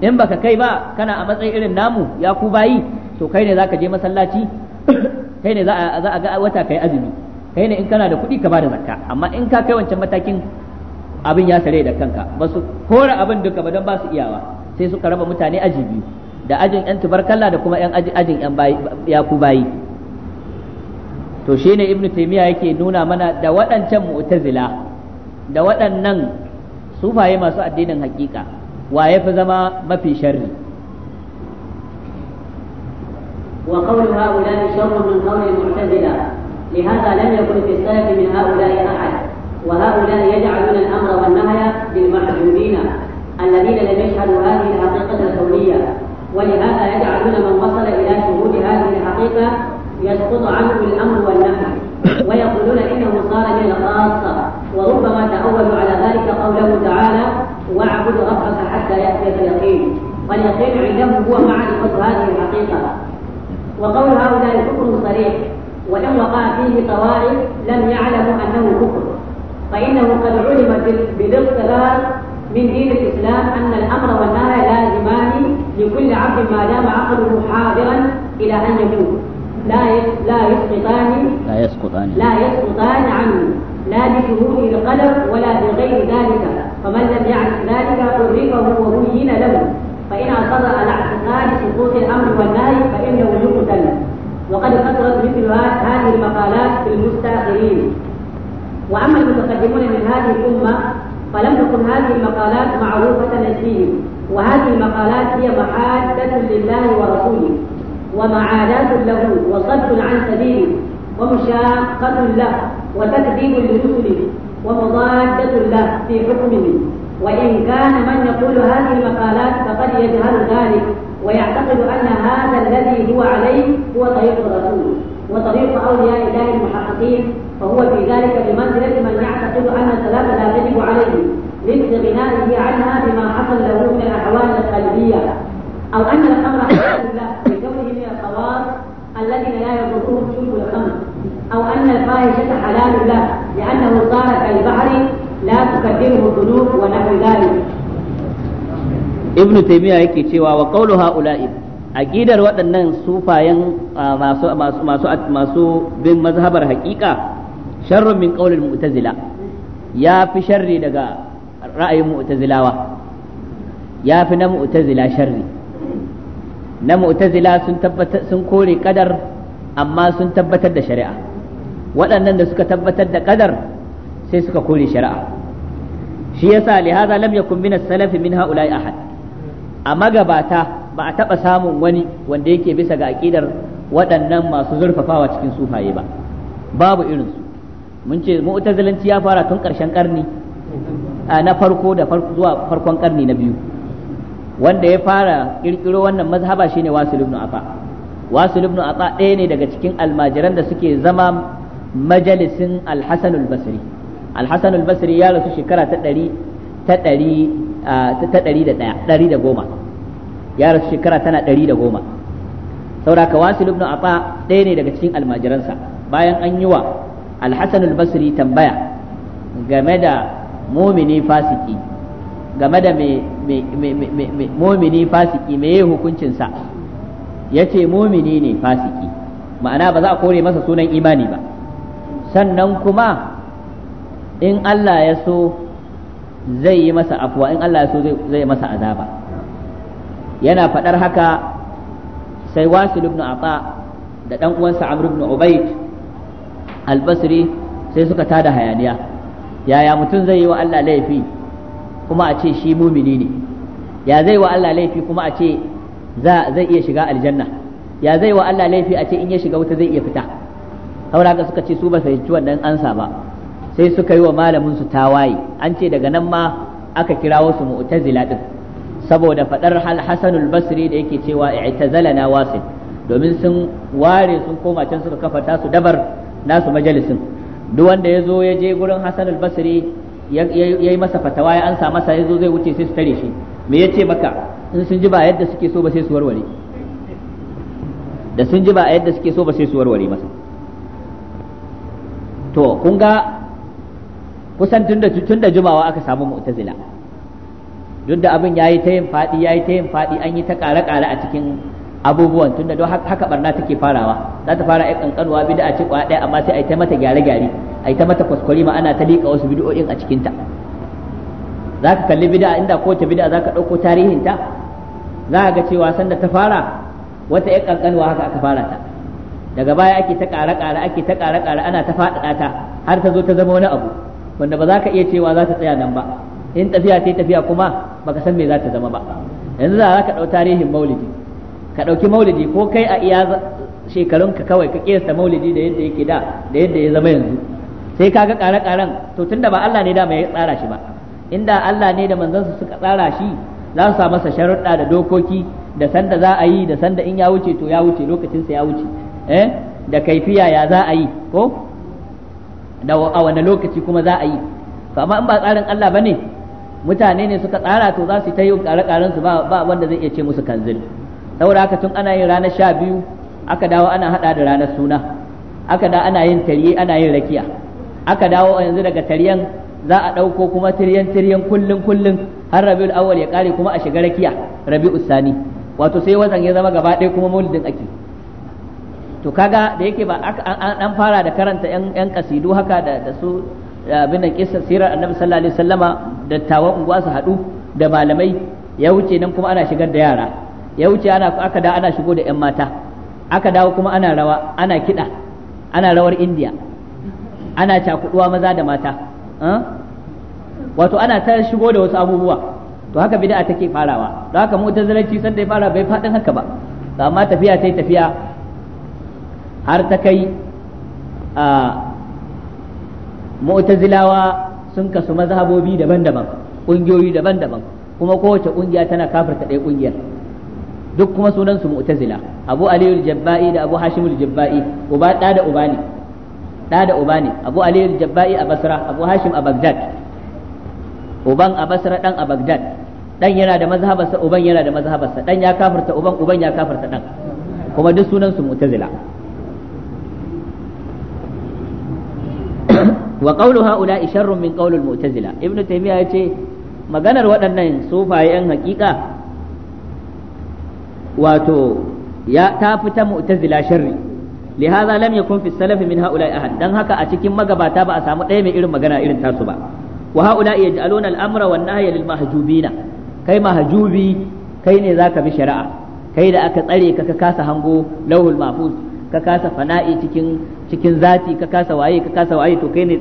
in baka kai ba kana a matsayin irin namu ya ku bayi to kai ne zaka je masallaci kai ne za a ga wata kai azumi kai ne in kana da kuɗi ka bada zakka amma in ka kai wancan matakin abin ya sare da kanka ba su kora abin duka ba don ba su iyawa sai suka raba mutane aji biyu da ajin yan tubarkalla da kuma yan ajin yan ya ku bayi to shi ne ibn taimiyya yake nuna mana da waɗancan mu'tazila da waɗannan sufaye masu addinin hakika wa ya fi zama mafi sharri وهؤلاء يجعلون الأمر والنهي بالمحجوبين الذين لم يشهدوا هذه الحقيقة الكونية ولهذا يجعلون من وصل إلى شهود هذه الحقيقة يسقط عنه الأمر والنهي ويقولون إنه صار من الخاصة وربما تأولوا على ذلك قوله تعالى واعبد ربك حتى يأتيك اليقين واليقين عندهم هو معرفة هذه الحقيقة وقول هؤلاء كفر صريح ولو وقع فيه طوائف لم يعلموا أنه كفر فإنه قد علم بدق من دين الإسلام أن الأمر والنهي لازمان لكل عبد ما دام عقله حاضرا إلى أن يموت لا لا يسقطان لا يسقطان لا يسقطان عنه لا بشهود القدر ولا بغير ذلك فمن لم يعرف ذلك عرفه وبين له فإن اعترض على اعتقاد سقوط الأمر والنهي فإنه يقتل وقد كثرت مثل هذه المقالات في المستأخرين وأما المتقدمون من هذه الأمة فلم تكن هذه المقالات معروفة لديهم وهذه المقالات هي محادة لله ورسوله ومعاداة له وصد عن سبيله ومشاقة له وتكذيب لرسله ومضادة له في حكمه وإن كان من يقول هذه المقالات فقد يجهل ذلك ويعتقد أن هذا الذي هو عليه هو طريق الرسول وطريق أولياء الله المحققين فهو في ذلك بمنزلة من يعتقد أن السلام لا يجب عليه ضد غنائه عنها بما حصل له من الاحوال القلبيه او ان الامر حسب له بكونه من الخواص الذين لا يضرهم شرب الخمر او ان الفاحشه حلال له لانه صار كالبحر لا تكذبه الذنوب ونحو ذلك ابن تيميه يكي cewa وقول هؤلاء ha'ula'i aqidar waɗannan sufayen masu masu masu masu bin mazhabar haƙiƙa sharrun min qawlil mu'tazila ya fi sharri daga ra'ayin mu'tazilawa ya fi na mu'tazila sharri na mu'tazila sun tabbatar sun kore kadar amma sun tabbatar da shari'a waɗannan da suka tabbatar da kadar sai suka kore shari'a shi yasa lihaza lam yakun min as-salaf min ha'ula'i ahad a magabata ba a taɓa samun wani wanda yake bisa ga aƙidar waɗannan masu zurfafawa cikin sufaye ba babu irinsu mun ce mu'tazilanci ya fara tun ƙarshen ƙarni na farko da farko zuwa farkon karni na biyu wanda ya fara kirkiro wannan mazhaba shine wasil ibn afa wasil ibn afa ɗaya ne daga cikin almajiran da suke zama majalisin al-hasan al-basri al-hasan al-basri ya rasu shekara ta ɗari ta ɗari ta ɗari da ɗaya ɗari da goma ya rasu shekara tana ɗari da goma sauraka wasil ibn afa ɗaya ne daga cikin almajiransa bayan an yi wa al-hasan al-basri tambaya game da mumini fasiki game da mumini fasiki yi hukuncinsa ya ce mumini ne fasiki ma'ana ba za a kore masa sunan imani ba sannan kuma in Allah ya so zai yi masa afuwa in Allah ya so zai masa azaba yana faɗar haka sai wasil ibn Ata da ɗan uwansa Amr ibn Ubayd al-Basri sai suka tada hayaniya yaya mutum zai yi wa Allah laifi kuma a ce shi mumini ne ya zai wa Allah laifi kuma a ce zai iya shiga aljanna ya zai wa Allah laifi a ce in ya shiga wuta zai iya fita saboda ga suka ce su ba fahimci wannan ansa ba sai suka yi wa malamin su tawaye an ce daga nan ma aka kira wasu mu'tazila din saboda fadar hal hasanul basri da yake cewa i'tazalana wasil domin sun ware sun koma can suka kafa tasu dabar nasu majalisin duk wanda ya zo ya je gurin Hassan al-Basri ya yi masa fatawa ya ansa masa ya zo zai wuce sai su tare shi me ya ce maka in sun ji ba yadda suke so ba sai su warware da sun ji ba yadda suke so ba sai su warware masa to kun ga kusan tun da jumawa aka samu mu'tazila duk da abin yayi ta yin fadi yayi ta yin fadi an yi ta kare kare a cikin abubuwan tunda don haka barna take farawa za ta fara ai kankanwa bid'a a kwa ɗaya amma sai ai ta mata gyare-gyare ai ta mata kwaskwari ma ana ta liƙa wasu bidiyoyin a cikin za ka kalli bid'a inda kowace bid'a za ka ɗauko tarihin za ka ga cewa sanda ta fara wata ƴan kankanwa haka aka fara ta daga baya ake ta ƙara-ƙara ake ta ƙara-ƙara ana ta faɗaɗa ta har ta zo ta zama wani abu wanda ba za ka iya cewa za ta tsaya nan ba in tafiya ta tafiya kuma baka san me za ta zama ba yanzu za ka ɗau tarihin maulidi ka ɗauki maulidi ko kai a iya shekarunka kawai ka kiyasta maulidi da yadda yake da da yadda ya zama yanzu sai kaga ƙare ƙaren to tunda ba Allah ne da mai tsara shi ba inda Allah ne da manzansa suka tsara shi za su sa masa sharuɗa da dokoki da sanda za a yi da sanda in ya wuce to ya wuce lokacinsa ya wuce eh da kaifiya ya za a yi ko da a wani lokaci kuma za a yi to amma in ba tsarin Allah ne? mutane ne suka tsara to za su ta yi ƙare-ƙaren su ba wanda zai iya ce musu kanzil saboda haka tun ana yin ranar sha biyu aka dawo ana hada da ranar suna aka da ana yin tarye ana yin rakiya aka dawo yanzu daga taryen za a ɗauko kuma tiryan tiryan kullum kullum har rabiul awwal ya kare kuma a shiga rakiya rabiul sani wato sai watan ya zama gaba ɗaya kuma maulidin ake to kaga da yake ba an fara da karanta yan kasidu haka da da su abin da kissa sirar annabi sallallahu alaihi wasallama da tawa unguwa su haɗu da malamai ya wuce nan kuma ana shigar da yara ya wuce ana aka da ana shigo da yan mata aka dawo kuma ana rawa ana kiɗa ana rawar indiya ana cakuduwa maza da mata eh? wato ana ta shigo da wasu abubuwa to haka bid'a take farawa don haka mu'tazilanci san da ya fara bai fadin haka ba to amma tafiya tai tafiya har ta kai a mu'tazilawa sun kasu mazhabobi daban-daban ƙungiyoyi daban-daban kuma kowace ƙungiya tana kafirta ɗaya ƙungiyar duk kuma sunan su mu'tazila abu aliyu jabba'i da abu hashim jabba'i uba da da uba ne da da uba ne abu aliyu jabba'i a basra abu hashim a bagdad uban a basra dan a bagdad dan yana da mazhabarsa uban yana da mazhabarsa dan ya kafirta uban uban ya kafirta dan kuma duk sunan su mu'tazila wa qawlu haula sharrun min qawlil mu'tazila ibnu taymiya yace maganar waɗannan sufayen haƙiƙa. wato ya ta fita mu'tazila sharri lihaza lam yakun fi salaf min haula'i ahad dan haka a cikin magabata ba a samu ɗaya mai irin magana irin tasu ba wa haula'i yaj'aluna al-amra wan nahya lil mahjubina kai mahjubi kai ne zaka bi shari'a kai da aka tsare ka ka kasa hango lauhul mahfuz ka kasa fana'i cikin cikin zati ka kasa waye ka kasa waye to kai ne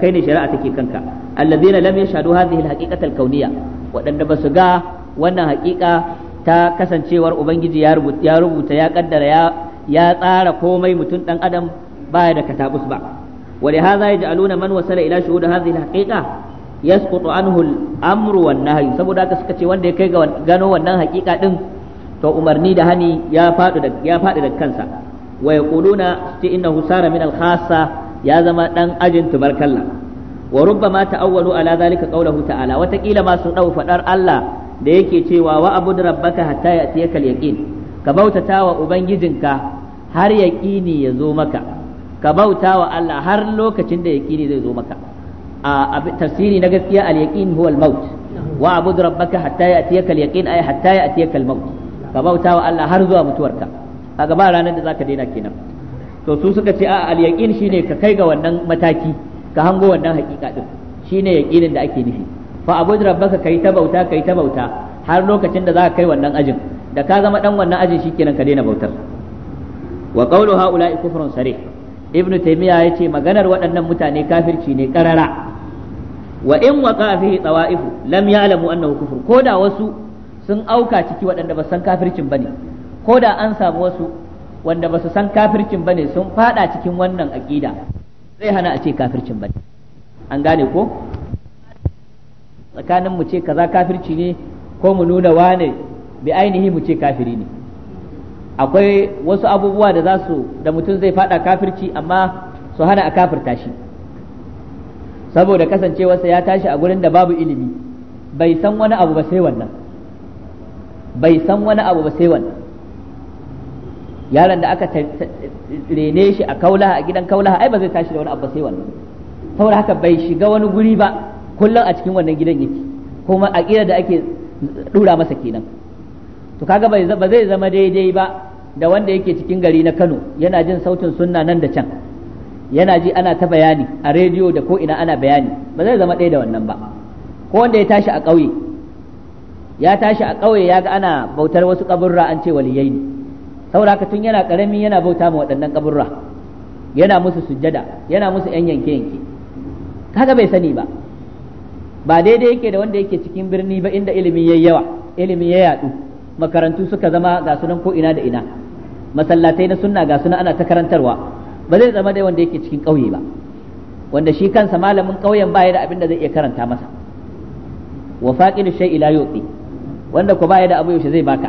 kai ne shari'a take kanka alladheena lam yashhadu hadhihi al-haqiqata al-kawniyya wadanda basu ga wannan hakika? ta kasancewar ubangiji ya rubuta ya kaddara ya tsara komai mutum dan adam baya da katabus ba wani haza ya aluna man wasala ila shuhuda hadhihi alhaqiqa yasqutu anhu al-amru wan nahyu saboda haka suka ce wanda ya kai ga gano wannan haqiqa din to umarni da hani ya faɗi da ya da kansa wa yaquluna ti innahu sara min al-khassa ya zama dan ajin tubarkalla wa rubbama ta'awwalu ala dhalika qawluhu ta'ala Ala, watakila ma sun dau fadar Allah da yake cewa wa abud rabbaka hatta ya'tiyaka al-yaqin ka bautata wa ubangijinka har yaqini ya zo maka ka bauta wa Allah har lokacin da yaqini zai zo maka a tafsiri na gaskiya al-yaqin huwa al-maut wa abud rabbaka hatta ya'tiyaka al-yaqin ay hatta ya'tiyaka al-maut ka bauta wa Allah har zuwa mutuwarka kaga ba ranar da zaka daina kenan to su suka ce a al-yaqin shine ka kai ga wannan mataki ka hango wannan hakika din shine yaqinin da ake nufi fa abud rabbaka kai ta bauta kai ta bauta har lokacin da za ka kai wannan ajin da ka zama dan wannan ajin shikenan ka daina bautar wa qawlu haula'i kufrun sarih ibnu taymiya yace maganar waɗannan mutane kafirci ne karara wa in waqa fihi tawa'ifu lam ya'lamu annahu kufur koda wasu sun auka ciki waɗanda ba san kafircin bane koda an samu wasu wanda ba su san kafircin bane sun fada cikin wannan aqida zai hana a ce kafircin bane an gane ko tsakanin mu ce kaza kafirci ne ko mu nuna wane bi ainihi mu ce kafiri ne akwai wasu abubuwa da za su da mutum zai fada kafirci amma su hana a kafirta shi saboda kasancewarsa ya tashi a gurin da babu ilimi bai san wani abu ba sai wannan bai san wani abu ba sai wannan yaron da aka rene shi a kaulaha a gidan kaulaha ai ba zai tashi da wani abu ba sai wannan saboda haka bai shiga wani guri ba kullum a cikin wannan gidan yake kuma a kira da ake dura masa kenan to kaga ba zai zama daidai ba da wanda yake cikin gari na Kano yana jin sautin sunna nan da can yana ji ana ta bayani a rediyo da ko ina ana bayani ba zai zama ɗaya da wannan ba ko wanda ya tashi a ƙauye ya tashi a ƙauye ya ga ana bautar wasu kaburra an ce waliyai ne saboda tun yana ƙarami yana bauta ma waɗannan kaburra yana musu sujjada yana musu yan yanke yanke kaga bai sani ba ba daidai yake da wanda yake cikin birni ba inda ilimi yayi yawa ilimi ya yadu makarantu suka zama ga sunan ko ina da ina masallatai na sunna ga sunan ana ta karantarwa ba zai zama dai wanda yake cikin ƙauye ba wanda shi kansa malamin ƙauyen baya da abin da zai iya karanta masa wa faqidu shay ila yuti wanda ko baya da abu yaushe zai baka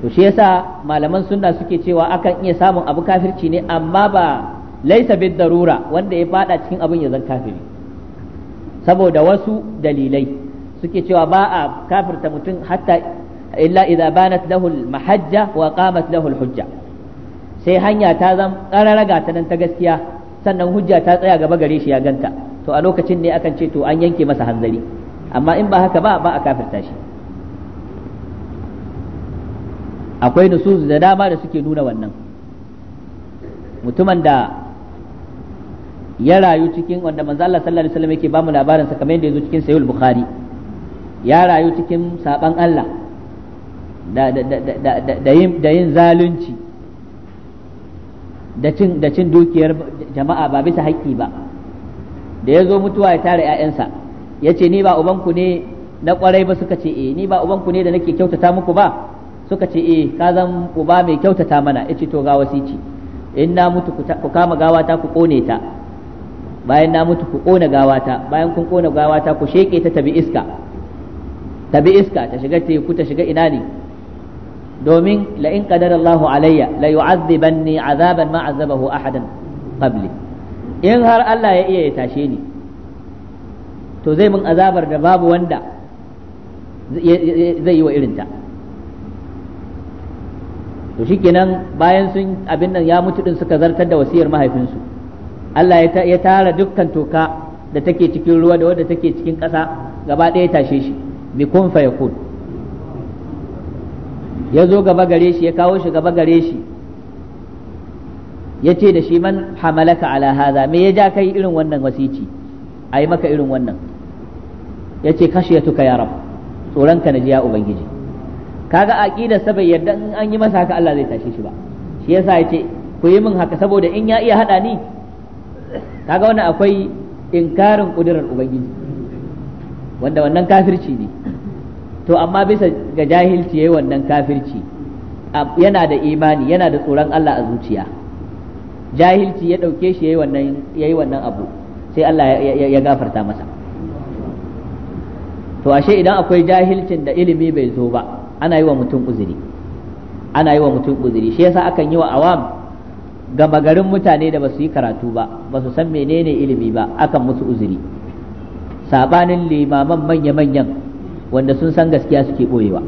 to shi yasa malaman sunna suke cewa akan iya samun abu kafirci ne amma ba laisa bid darura wanda ya fada cikin abin ya zan kafiri saboda wasu dalilai suke cewa ba a kafirta mutum hatta illa idza banat lahu mahajja wa qamat lahu hujja sai hanya ta zan kararraga ta nan ta gaskiya sannan hujja ta tsaya gaba gare shi ya ganta to a lokacin ne akan ce to an yanke masa hanzari amma in ba haka ba ba a kafirta shi akwai nusuz da dama da suke nuna wannan mutumin da ya rayu cikin wanda manzo Allah sallallahu alaihi wasallam yake bamu labarin sa kamar yadda yazo cikin sahih bukhari ya rayu cikin saban Allah da da da da yin da yin zalunci da cin da cin dukiyar jama'a ba bisa haƙƙi ba da yazo mutuwa ya tare ƴaƴansa yace ni ba ubanku ne na kwarai ba suka ce eh ni ba ubanku ne da nake kyautata muku ba suka ce eh ka zan uba mai kyautata mana yace to ga wasici in na mutu ku kama gawa ta ku kone ta bayan na mutu ku kona gawata bayan kun kona gawata ku sheke ta tabi iska tabi iska ta shiga teku ta shiga ina ne domin la in qadara Allahu alayya la yu'adhibanni azaban ma azabahu ahadan qabli in har Allah ya iya ya tashe ni to zai mun azabar da babu wanda zai yi wa irinta to shikenan bayan sun abin nan ya mutu din suka zartar da wasiyar mahaifinsu Allah ya tara dukkan toka da take cikin ruwa da wadda take cikin ƙasa gaba ɗaya tashe shi bi kun fa kun ya zo gaba gare shi ya kawo shi gaba gare shi ya ce da shi man hamalaka ala haza me ya ja kai irin wannan wasici a yi maka irin wannan ya ce kashi ya tuka rab tsoronka na jiya ya ubangiji kaga aqidarsa sabai yadda in an yi masa haka Allah zai tashe shi ba shi yasa ya ce ku yi min haka saboda in ya iya hada ni kaga wannan akwai inkarin kudirar ubangiji wanda wannan kafirci ne to amma bisa ga jahilci yayi wannan kafirci yana da imani yana da tsoron Allah a zuciya jahilci ya dauke shi yayi wannan wannan abu sai Allah ya gafarta masa to ashe idan akwai jahilcin da ilimi bai zo ba ana yi wa mutum uzuri ana yi wa mutum uzuri shi yasa akan yi wa awam gama garin mutane da ba su yi karatu ba ba su san menene ilimi ba akan musu uzuri sabanin limaman manya-manyan wanda sun san gaskiya suke boyewa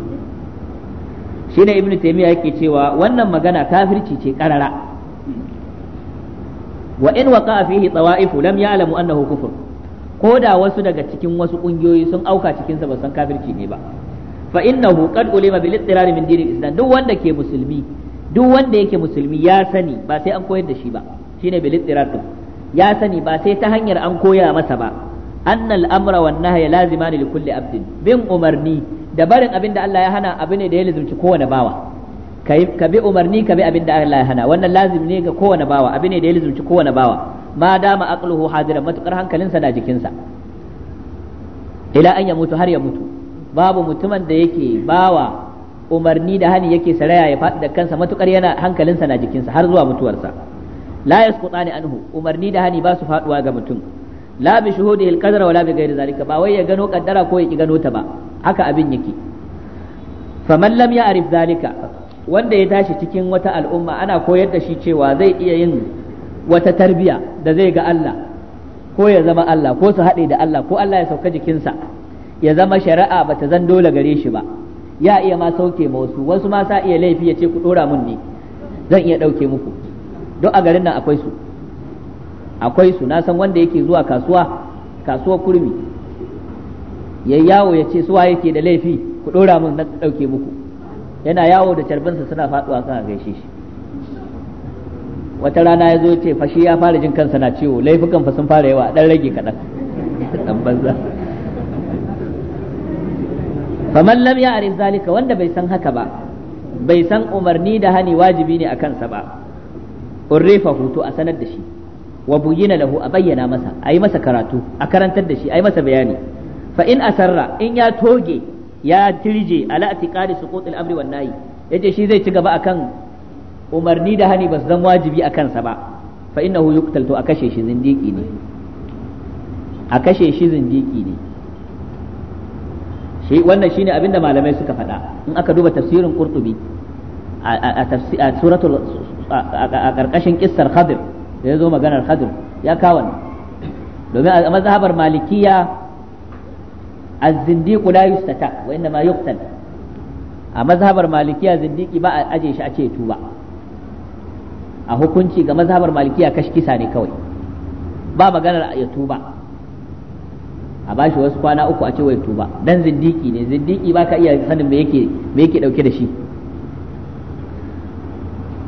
shine ibnu taymiya yake cewa wannan magana kafirci ce karara wa in a fihi tawa'ifu lam alamu annahu kufur. ko da wasu daga cikin wasu ƙungiyoyi sun auka cikin sa ba san kafirci ne ba fa innahu qad ulima bil ittirari min dinil islam duk wanda ke musulmi duk wanda yake musulmi ya sani ba sai an koyar da shi ba shine bil ittirad ya sani ba sai ta hanyar an koya masa ba annal amra wan nahya laziman li kulli abdin bin umarni da barin abin da Allah ya hana abu ne da ya lazumci kowane bawa ka bi umarni ka bi abin da Allah ya hana wannan lazim ne ga kowane bawa abu ne da ya lazumci kowane bawa ma dama aqluhu hadiran matukar hankalinsa da jikinsa ila an ya mutu har ya mutu babu mutumin da yake bawa umarni da hani yake saraya ya faɗi da kansa matukar yana hankalinsa na jikinsa har zuwa mutuwarsa la yasqutani anhu umarni da hani ba su faduwa ga mutum la bi shuhudi al-qadara wala bi ghairi zalika ba wai ya gano kaddara ko ya ki gano ta ba haka abin yake faman lam ya'rif zalika wanda ya tashi cikin wata al'umma ana koyar da shi cewa zai iya yin wata tarbiya da zai ga Allah ko ya zama Allah ko su haɗe da Allah ko Allah ya sauka jikinsa ya zama shari'a bata zan dole gare shi ba ya iya ma sauke ma wasu wasu ma sa iya laifi ya ce ku dora mun ne zan iya dauke muku don a garin nan akwai su akwai su na san wanda yake zuwa kasuwa kasuwa kurmi ya yawo ya ce suwa yake da laifi ku dora mun na dauke muku yana yawo da carbinsa suna faduwa suna gaishe shi wata rana ya zo ce fashi ya fara jin kansa na ciwo laifukan fa sun fara yawa dan rage kaɗan dan banza faman lam ya'rif zalika wanda bai san haka ba bai san umarni da hani wajibi ne a kansa ba urrifa hutu a sanar da shi wa buyina lahu a bayyana masa a yi masa karatu a karantar da shi a yi masa bayani fa in asarra in ya toge ya tirje ala atiqali suqutil amri wan nahi yace shi zai ci gaba akan umarni da hani ba su zan wajibi a kansa ba fa innahu yuqtal to a kashe shi zindiki ne a kashe shi zindiki ne shi eh, wannan shine abinda malamai suka faɗa in aka duba tafsirin qurtubi a suratul a karkashin kissar khadir ya zo maganar khadir ya kawo domin a mazhabar malikiya az-zindiq la yustata wa inma yuqtal a mazhabar malikiya zindiki ba a aje shi a ce tuba a hukunci ga mazhabar malikiya kashkisa ne kawai ba maganar ya tuba a bashi wasu kwana uku a ce wai tuba dan zindiki ne zindiki ba ka iya sanin me yake me yake dauke da shi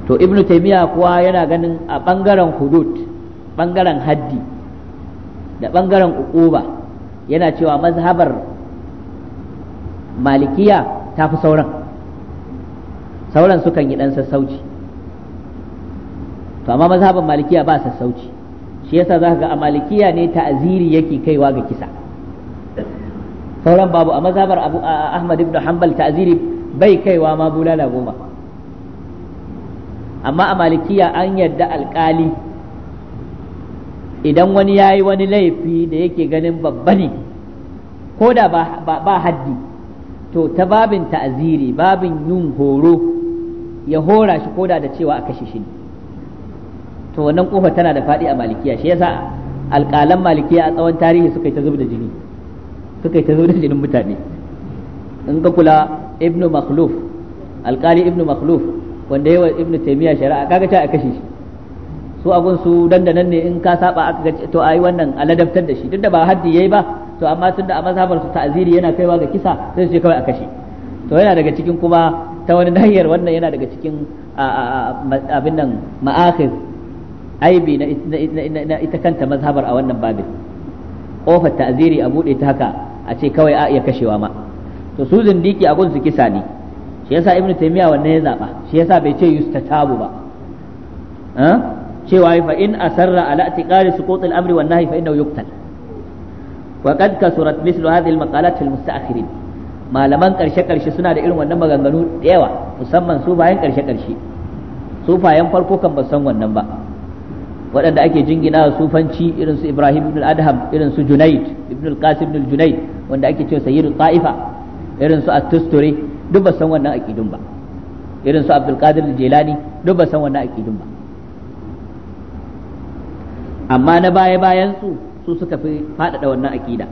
to ibnu taymiya kuwa yana ganin a bangaren hudud bangaren haddi da bangaren ukuba yana cewa mazhabar malikiya ta fi sauran sauran sukan yi dan sassauci to amma mazhabar malikiya ba sassauci shi yasa zaka ga a malikiya ne ta'aziri yake kaiwa ga kisa sauran babu a mazhabar abu ahmad ibn hanbal ta'ziri bai kaiwa ma bulala goma amma a malikiya an yadda alkali idan wani ya yi wani laifi da yake ganin babba ne ko da ba haddi to ta babin ta'ziri babin yin horo ya hora shi ko da da cewa a kashe shi ne to wannan kofa tana da faɗi a malikiya shi yasa alƙalan malikiya a tsawon tarihi suka yi ta zub da jini suka yi ta zo da jinin mutane in ka kula ibnu makhluf alkali ibnu makhluf wanda yawa ibnu taymiya shari'a kaga ta a kashe shi su abun su dandanan ne in ka saba aka to ayi wannan aladabtar da shi duk da ba haddi yayi ba to amma tunda a mazhabar su ta'ziri yana kaiwa ga kisa sai su kawai a kashe to yana daga cikin kuma ta wani nahiyar wannan yana daga cikin abin nan ma'akhir aibi na ita kanta mazhabar a wannan babin kofar ta'ziri a buɗe ta haka a ce kawai a iya kashewa ma to su zindiki a gunsu kisa ne shi yasa ibnu taymiya wannan ya zaba shi yasa bai ce yustatabu ba cewa fa in asarra ala atiqari suqut al-amri wan nahyi fa innahu yuqtal wa qad kasurat mislu hadhihi al-maqalat fil musta'khirin malaman karshe karshe suna da irin wannan maganganu da yawa musamman su bayan karshe karshe su fayan farko kan ba san wannan ba waɗanda ake jingina sufanci irin su Ibrahim ibn al-Adham irin su Junayd ibn al-Qasim ibn al-Junayd wanda ake cewa sayyidu ta'ifa irin su At-Tusturi duk ba san wannan aqidun ba irin su Abdul Qadir al-Jilani duk ba san wannan aqidun ba amma na baya bayan su su suka fi faɗaɗa wannan aqida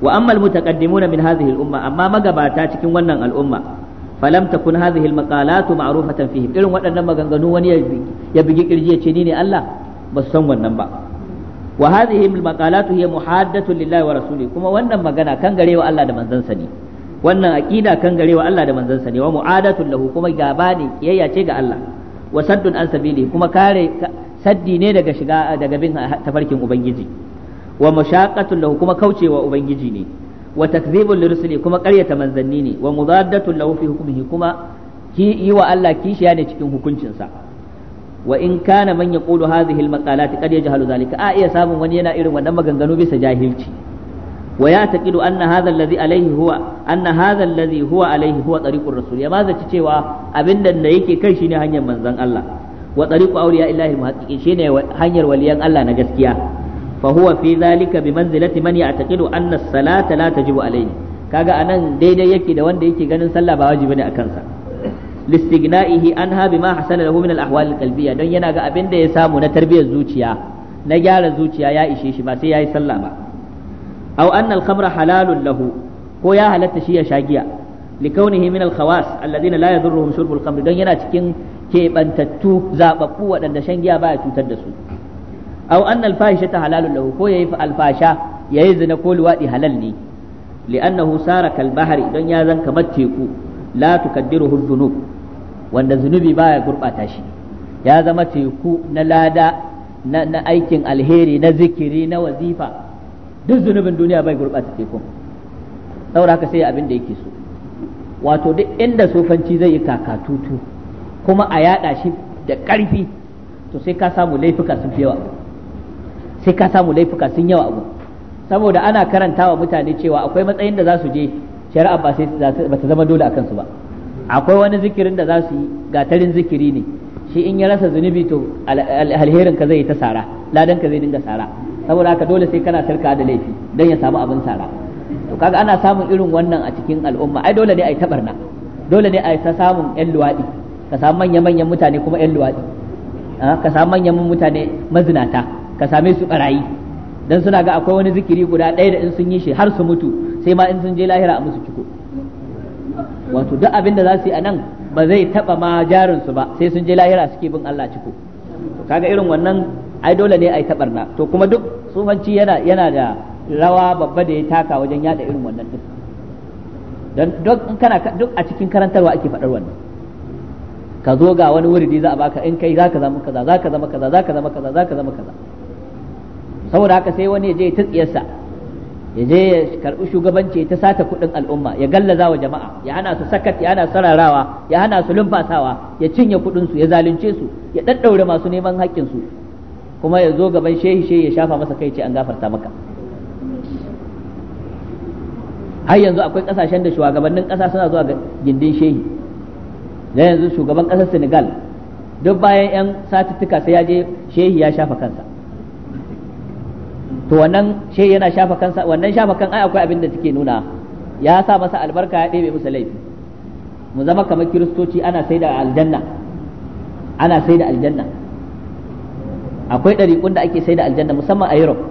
wa amma al-mutaqaddimuna min hadhihi al-umma amma magabata cikin wannan al'umma falam takun hadhihi almaqalatu ma'rufatan fihim irin waɗannan maganganu wani ya bigi kirji ya ce ni ne Allah ba su san wannan ba wa hadhihi almaqalatu hiya muhaddatun lillahi wa rasuli kuma wannan magana kan garewa Allah da manzansa ne wannan aqida kan garewa Allah da manzansa ne wa mu'adatun lahu kuma gaba ne kiyayya ce ga Allah wa saddun an kuma kare saddi ne daga shiga daga bin tafarkin ubangiji wa mashaqatun lahu kuma kaucewa ubangiji ne wa takdhibun lirusuli kuma ƙaryata manzanni ne wa mudaddatun lahu fi kuma yi wa Allah kishiya ne cikin hukuncinsa wa in kana man yaqulu hadhihi almaqalat karya yajhalu zalika a iya samun wani yana irin wannan maganganu bisa jahilci wa ya taqidu anna hadha alladhi huwa anna hadha huwa alayhi huwa tariqur rasul ya mazaci cewa abinda da yake kai shine hanyar manzon Allah wa tariqu awliya illahi muhaqqiqin ne hanyar waliyan Allah na gaskiya fa huwa fi zalika bi manzilati man ya'taqidu anna as-salata la tajibu alayhi kaga anan daidai yake da wanda yake ganin sallah ba wajibi ne akan sa listighna'ihi anha bima hasala lahu min al-ahwal al don yana ga abin da ya samu na tarbiyyar zuciya na gyara zuciya ya ishe shi ba sai ya yi sallah ba Au anna kamra halalun lahu ko ya halatta shi ya sha giya likaunihi min al-khawas alladhina la yadhurruhum shurbu al don yana cikin keɓantattu zaɓaɓɓu waɗanda shan giya baya cutar da su aw anna al-fahishata halalun lahu ko yayi al-fasha yayi zina ko luwadi halal ne li'annahu sara kal bahri don ya zanka kamar teku la tukaddiruhu dhunub wanda zunubi baya gurbata shi ya zama teku na lada na aikin alheri na zikiri na wazifa duk zunubin duniya bai gurbata tekun saboda haka sai abin da yake so wato duk inda sofanci zai yi kakatutu kuma a yada shi da ƙarfi to sai ka samu laifuka sun fi yawa sai ka samu laifuka sun yawa abu saboda ana karantawa mutane cewa akwai matsayin da za su je shari'a ba sai ba ta zama dole akan su ba akwai wani zikirin da za su yi gatarin zikiri ne shi in ya rasa zunubi to alherin ka zai ta sara ladan ka zai dinga sara saboda haka dole sai kana sarka da laifi don ya samu abin sara to kaga ana samun irin wannan a cikin al'umma ai dole ne yi tabarna dole ne yi ta samun yan luwadi ka samu manya manyan mutane kuma yan luwadi ah, ka samu manyan mutane mazinata ka same su barayi dan suna ga akwai wani zikiri guda ɗaya da in sun yi shi har su mutu sai ma in sun je lahira a musu ciko wato duk abin da za su yi a nan ba zai taba ma jarin su ba sai sun je lahira suke bin Allah ciko kaga irin wannan ai dole ne ai tabarna to kuma duk tsufanci yana yana da rawa babba da ya taka wajen yada irin wannan din dan duk kana duk a cikin karantarwa ake faɗar wannan ka zo ga wani wuri za a baka in kai zaka zama kaza zaka zama kaza zaka zama kaza zaka zama kaza saboda haka sai wani ya je tsiyarsa ya je ya karbi shugabanci ta sata kuɗin al'umma ya gallaza wa jama'a ya hana su sakat ya hana su sararawa ya hana su lumfasawa ya cinye kuɗinsu su ya zalunce su ya daddaure masu neman haƙƙin su kuma ya zo gaban shehi shehi ya shafa masa kai ce an gafarta maka har yanzu akwai kasashen da shugabannin kasa suna zuwa ga gindin shehi da yanzu shugaban kasar senegal duk bayan 'yan satuttuka sai ya je shehi ya shafa kansa to wannan shi yana shafa kansa wannan shafa kan ai akwai abin da take nuna ya sa masa albarka ya ɗebe masa laifi mu zama kamar kiristoci ana sai da aljanna ana sai da aljanna akwai ɗariƙun da ake sai da aljanna musamman a Europe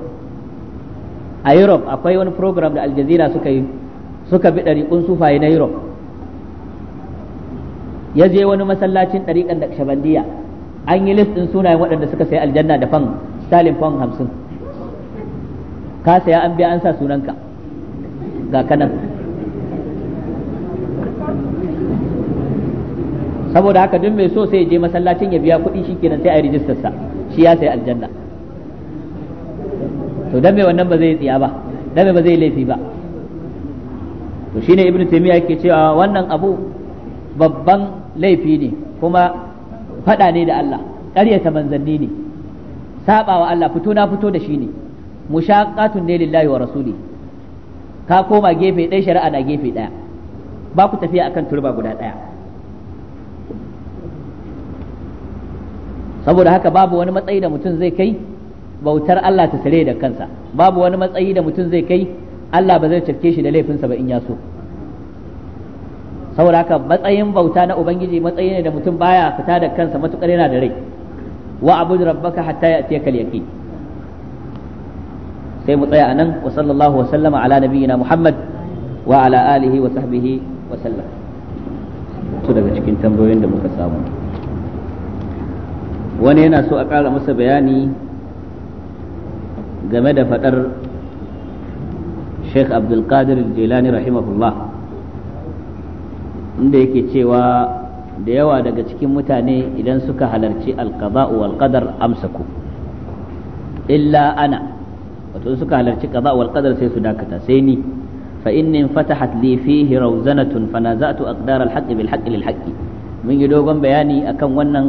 a Europe akwai wani program da Aljazeera suka yi suka bi ɗariƙun sufaye na Europe ya je wani masallacin ɗariƙan da Shabandiya an yi list ɗin sunayen waɗanda suka sayi aljanna da fan stalin fan hamsin ka saya an biya an sa sunanka ga kanan saboda haka duk mai so sai je masallacin ya biya kuɗi shikenan sai a rijistar sa shi ya sai aljanna to dan mai wannan ba zai tsiya ba dan mai ba zai laifi ba to shine ibnu taymiya yake cewa wannan abu babban laifi ne kuma fada ne da Allah ƙaryata manzanni ne sabawa Allah fito na fito da shi ne mushaqqatun ne lillahi wa rasuli ka koma gefe ɗaya shari'a na gefe ɗaya ba ku tafiya akan turba guda ɗaya saboda haka babu wani matsayi da mutum zai kai bautar Allah ta sare da kansa babu wani matsayi da mutum zai kai Allah ba zai cafke shi da laifinsa ba in ya so saboda haka matsayin bauta na ubangiji matsayi ne da mutum baya fita da kansa matukar yana da rai wa abud rabbaka hatta ya'tiyakal yaqin sai mu tsaya anan wa sallallahu wa sallama ala nabiyyina muhammad wa ala alihi wa sahbihi wa sallam su daga cikin tambayoyin da muka samu wani yana so a ƙara masa bayani game da faɗar sheikh abdulkadir jilani rahimahullah inda yake cewa da yawa daga cikin mutane idan suka halarci alkaza'u wal qadar amsaku illa ana wato suka halarci kaza wal qadar sai su dakata sai ni fa inni fatahat li fihi rawzanatun fa naza'tu aqdar al haqq bil haqq lil haqq mun yi dogon bayani akan wannan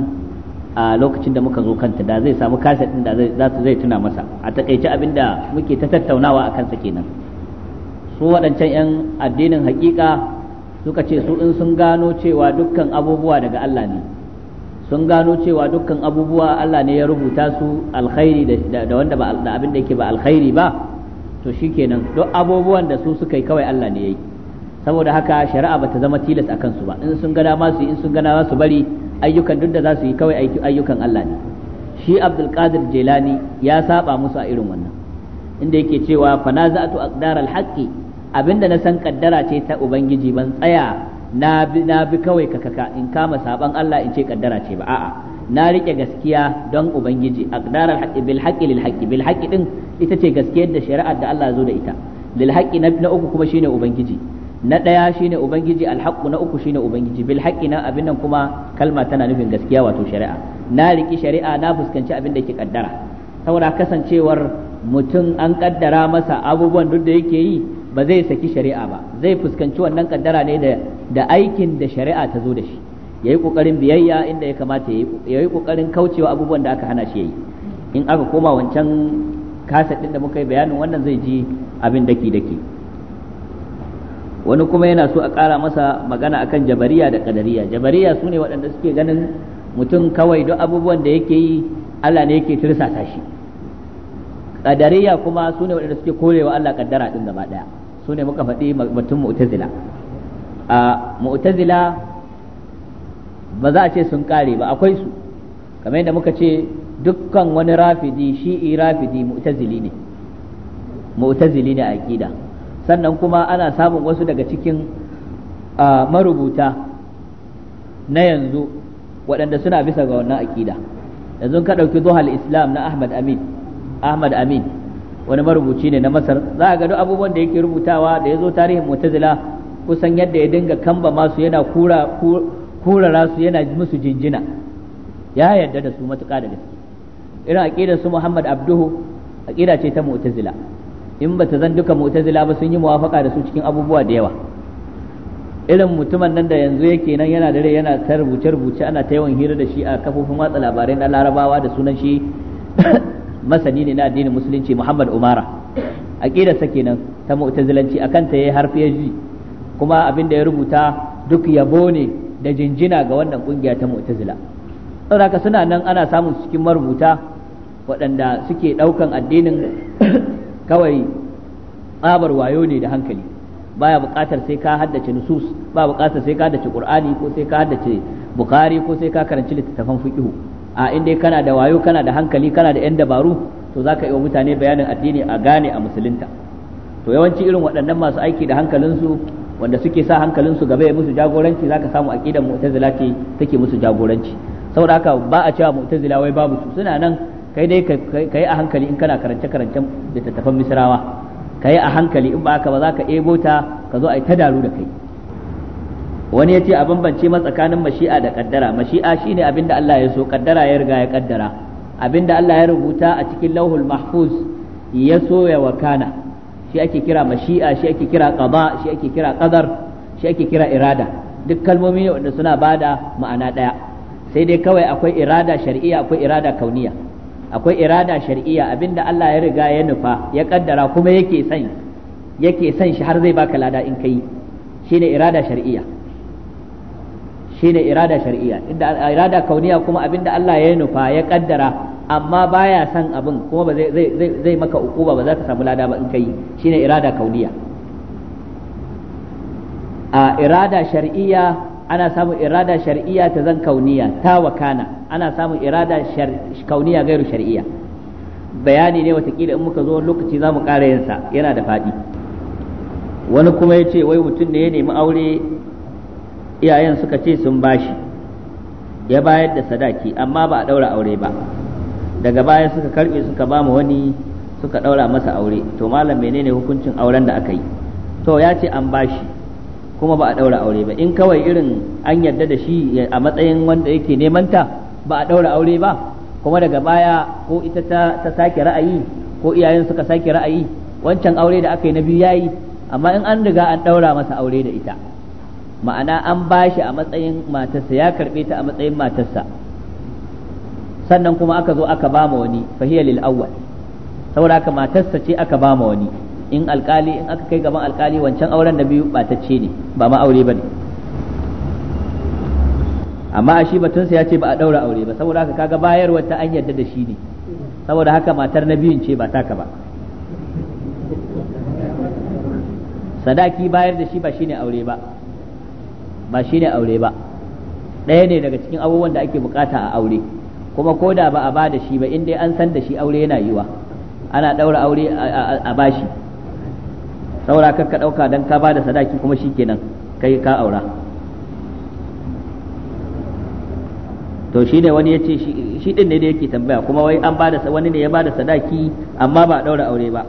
a lokacin da muka zo kanta da zai samu kaset din da zai zai tuna masa a takaice abinda muke ta tattaunawa akan sa kenan su waɗancan 'yan addinin hakika suka ce su in sun gano cewa dukkan abubuwa daga Allah ne sun gano cewa dukkan abubuwa Allah ne ya rubuta su alkhairi da wanda ba da abin da yake ba alkhairi ba to shikenan duk abubuwan da su suka yi kawai Allah ne yayi saboda haka shari'a ba ta zama tilas akan su ba in sun gana ma su in sun gana su bari ayyukan duk da za su yi kawai ayyukan Allah ne shi Abdul Qadir Jilani ya saba musu a irin wannan inda yake cewa fanaza'atu aqdar alhaqi abinda na san kaddara ce ta ubangiji ban tsaya na bi na bi kawai kakaka in kama saban Allah in ce kaddara ce ba a'a na rike gaskiya don ubangiji aqdaral haqqi bil haqqi lil haqqi bil haqqi din ita ce gaskiyar da shari'ar da Allah ya zo da ita lil haqqi na uku kuma shine ubangiji na ɗaya shine ubangiji alhaqqu na uku shine ubangiji bil haqqi na abin nan kuma kalma tana nufin gaskiya wato shari'a na riki shari'a na fuskanci abin da ke kaddara saboda kasancewar mutum an kaddara masa abubuwan duk da yake yi ba zai saki shari'a ba zai fuskanci wannan kaddara ne da aikin da shari'a ta zo da shi yayi kokarin biyayya inda ya kamata yayi yayi kokarin kaucewa abubuwan da aka hana shi yayi in aka koma wancan kaset din da muka yi bayanin wannan zai ji abin daki daki wani kuma yana so a ƙara masa magana akan jabariya da kadariya jabariya su ne waɗanda suke ganin mutum kawai duk abubuwan da yake yi Allah ne yake tursasa shi qadariya kuma sune waɗanda suke korewa Allah kaddara din gaba daya sune muka faɗi mutum mu'tazila a mu'tazila ba za a ce sun kare ba akwai su kamar yadda muka ce dukkan wani rafidi shi'i rafidi mu'tazili ne mu'tazili ne a aqida sannan kuma ana samun wasu daga cikin marubuta na yanzu waɗanda suna bisa ga wannan aƙida yanzu ka ɗauki zuhal islam na ahmad amin Ahmad Amin wani marubuci ne na Masar za a ga abubuwan da yake rubutawa da ya zo tarihin Mu'tazila kusan yadda ya dinga kamba masu yana kura kurara su yana musu jinjina ya yarda da su matuƙa da gaske irin aqidar su Muhammad Abduhu aqida ce ta Mu'tazila in bata zan duka Mu'tazila ba sun yi muwafaka da su cikin abubuwa da yawa irin mutumin nan da yanzu yake nan yana dare yana ta rubuce-rubuce ana ta yawan hira da shi a kafofin watsa labarai na larabawa da sunan shi masani ne na addinin musulunci Muhammad Umara sake kenan ta mu'tazilanci akan ta yayi harfi yaji kuma abin da ya rubuta duk yabo ne da jinjina ga wannan kungiya ta mu'tazila saboda suna nan ana samun cikin marubuta waɗanda suke ɗaukan addinin kawai abar wayo ne da hankali baya buƙatar sai ka haddace nusus ba buƙatar sai ka haddace qur'ani ko sai ka haddace bukhari ko sai ka karanci littattafan fiqhu a in dai kana da wayo kana da hankali kana da yan dabaru to zaka yi wa mutane bayanin addini a gane a musulunta to yawanci irin waɗannan masu aiki da hankalinsu wanda suke sa hankalinsu gaba ya musu jagoranci zaka samu aqidar mu'tazila ce take musu jagoranci saboda haka ba a cewa mu'tazila wai babu su suna nan kai dai kai a hankali in kana karance karancen littattafan misrawa kai a hankali in ba haka ba zaka ebo ta ka zo a yi ta daru da kai wani ya ce a bambance matsakanin mashi'a da kaddara mashi'a shine abin da Allah ya so kaddara ya riga ya kaddara abin da Allah ya rubuta a cikin lauhul mahfuz ya so ya wakana shi ake kira mashi'a shi ake kira qada shi ake kira qadar shi ake kira irada duk kalmomi ne wanda suna bada ma'ana daya sai dai kawai akwai irada shar'iyya akwai irada kauniya akwai irada shar'iyya abinda Allah ya riga ya nufa ya kaddara kuma yake son yake son shi har zai baka lada in kai shine irada shar'iyya shine irada shar'iyya inda irada kauniya kuma abinda Allah ya nufa ya kaddara amma baya son abin kuma ba zai maka ukuba ba za ka samu lada ba in kai shine irada kauniya a irada shar'iyya ana samun irada shar'iyya ta zan kauniya ta wakana ana samun irada kauniya gairu shar'iyya bayani ne watakila in muka zo lokaci za mu ƙara yinsa yana da faɗi wani kuma ya ce wai mutum ne ya nemi aure iyayen suka ce sun bashi ya bayar da sadaki amma ba a ɗaura aure ba daga baya suka karɓe suka ba mu wani suka ɗaura masa aure to malam menene hukuncin auren da aka yi to ya ce an bashi kuma ba a ɗaura aure ba in kawai irin an yarda da shi a matsayin wanda yake neman ta ba a ɗaura aure ba kuma daga baya ko ita ta sake ra'ayi ko iyayen suka sake ra'ayi wancan aure da aka yi na biyu yayi amma in an riga an ɗaura masa aure da ita ma'ana an ba shi a matsayin matarsa ya karbe ta a matsayin matarsa sannan kuma aka zo aka ba ma wani fahiyar lil awwal saboda haka matarsa ce aka ba ma wani in alkali in aka kai gaban alkali wancan auren na biyu ce ne ba ma aure bane amma a shi batunsa ya ce ba a daura aure ba saboda haka kaga bayarwar ta an yarda da shi ne saboda haka matar na biyun ce ba taka ba sadaki bayar da shi ba shi ne aure ba ba shine aure ba ɗaya ne daga cikin abubuwan da ake bukata a aure kuma ko da ba a ba da shi ba in dai an san da shi aure yana yiwa ana ɗaura aure a bashi saura kakka ɗauka don ka ba da sadaki kuma shi kenan kai ka aura to shi ne wani ya ce shi ɗin ne da yake tambaya kuma wai an bada wani ne ya bada sadaki amma ba a ɗaura aure ba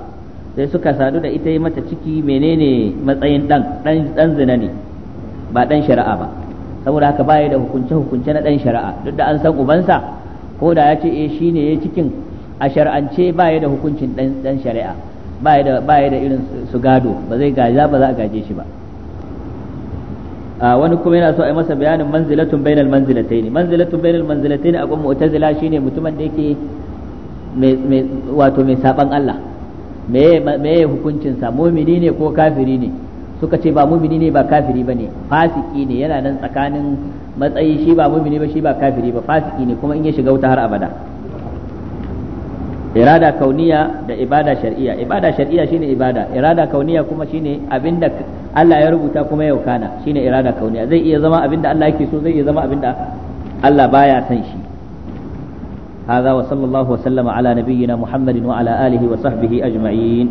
sai suka sadu da ita yi mata ciki menene matsayin ɗan ɗan zina ne ba dan shari'a ba saboda haka baya da hukunce hukunce na dan shari'a duk da an san ubansa ko da ya ce eh shine ya cikin a shar'ance baya da hukuncin dan dan shari'a baya da baya da irin su gado ba zai gaja ba za a gaje shi ba a ah, wani kuma yana so a yi masa bayanin manzilatun bainal manzilatayn manzilatun bainal ne a gun mu'tazila shine mutumin da yake wato mai saban Allah me hukuncin hukuncinsa mumini ne ko kafiri ne suka ce ba mumini ne ba kafiri ba ne fasiki ne yana nan tsakanin matsayi shi ba mumini ba shi ba kafiri ba fasiki ne kuma in ya shiga wuta har abada irada kauniya da ibada shar'iyya ibada shar'iyya shine ibada irada kauniya kuma shine abinda Allah ya rubuta kuma yau kana shine irada kauniya zai iya zama abinda Allah yake so zai iya zama abinda Allah baya san shi هذا وصلى الله وسلم على نبينا محمد وعلى آله وصحبه أجمعين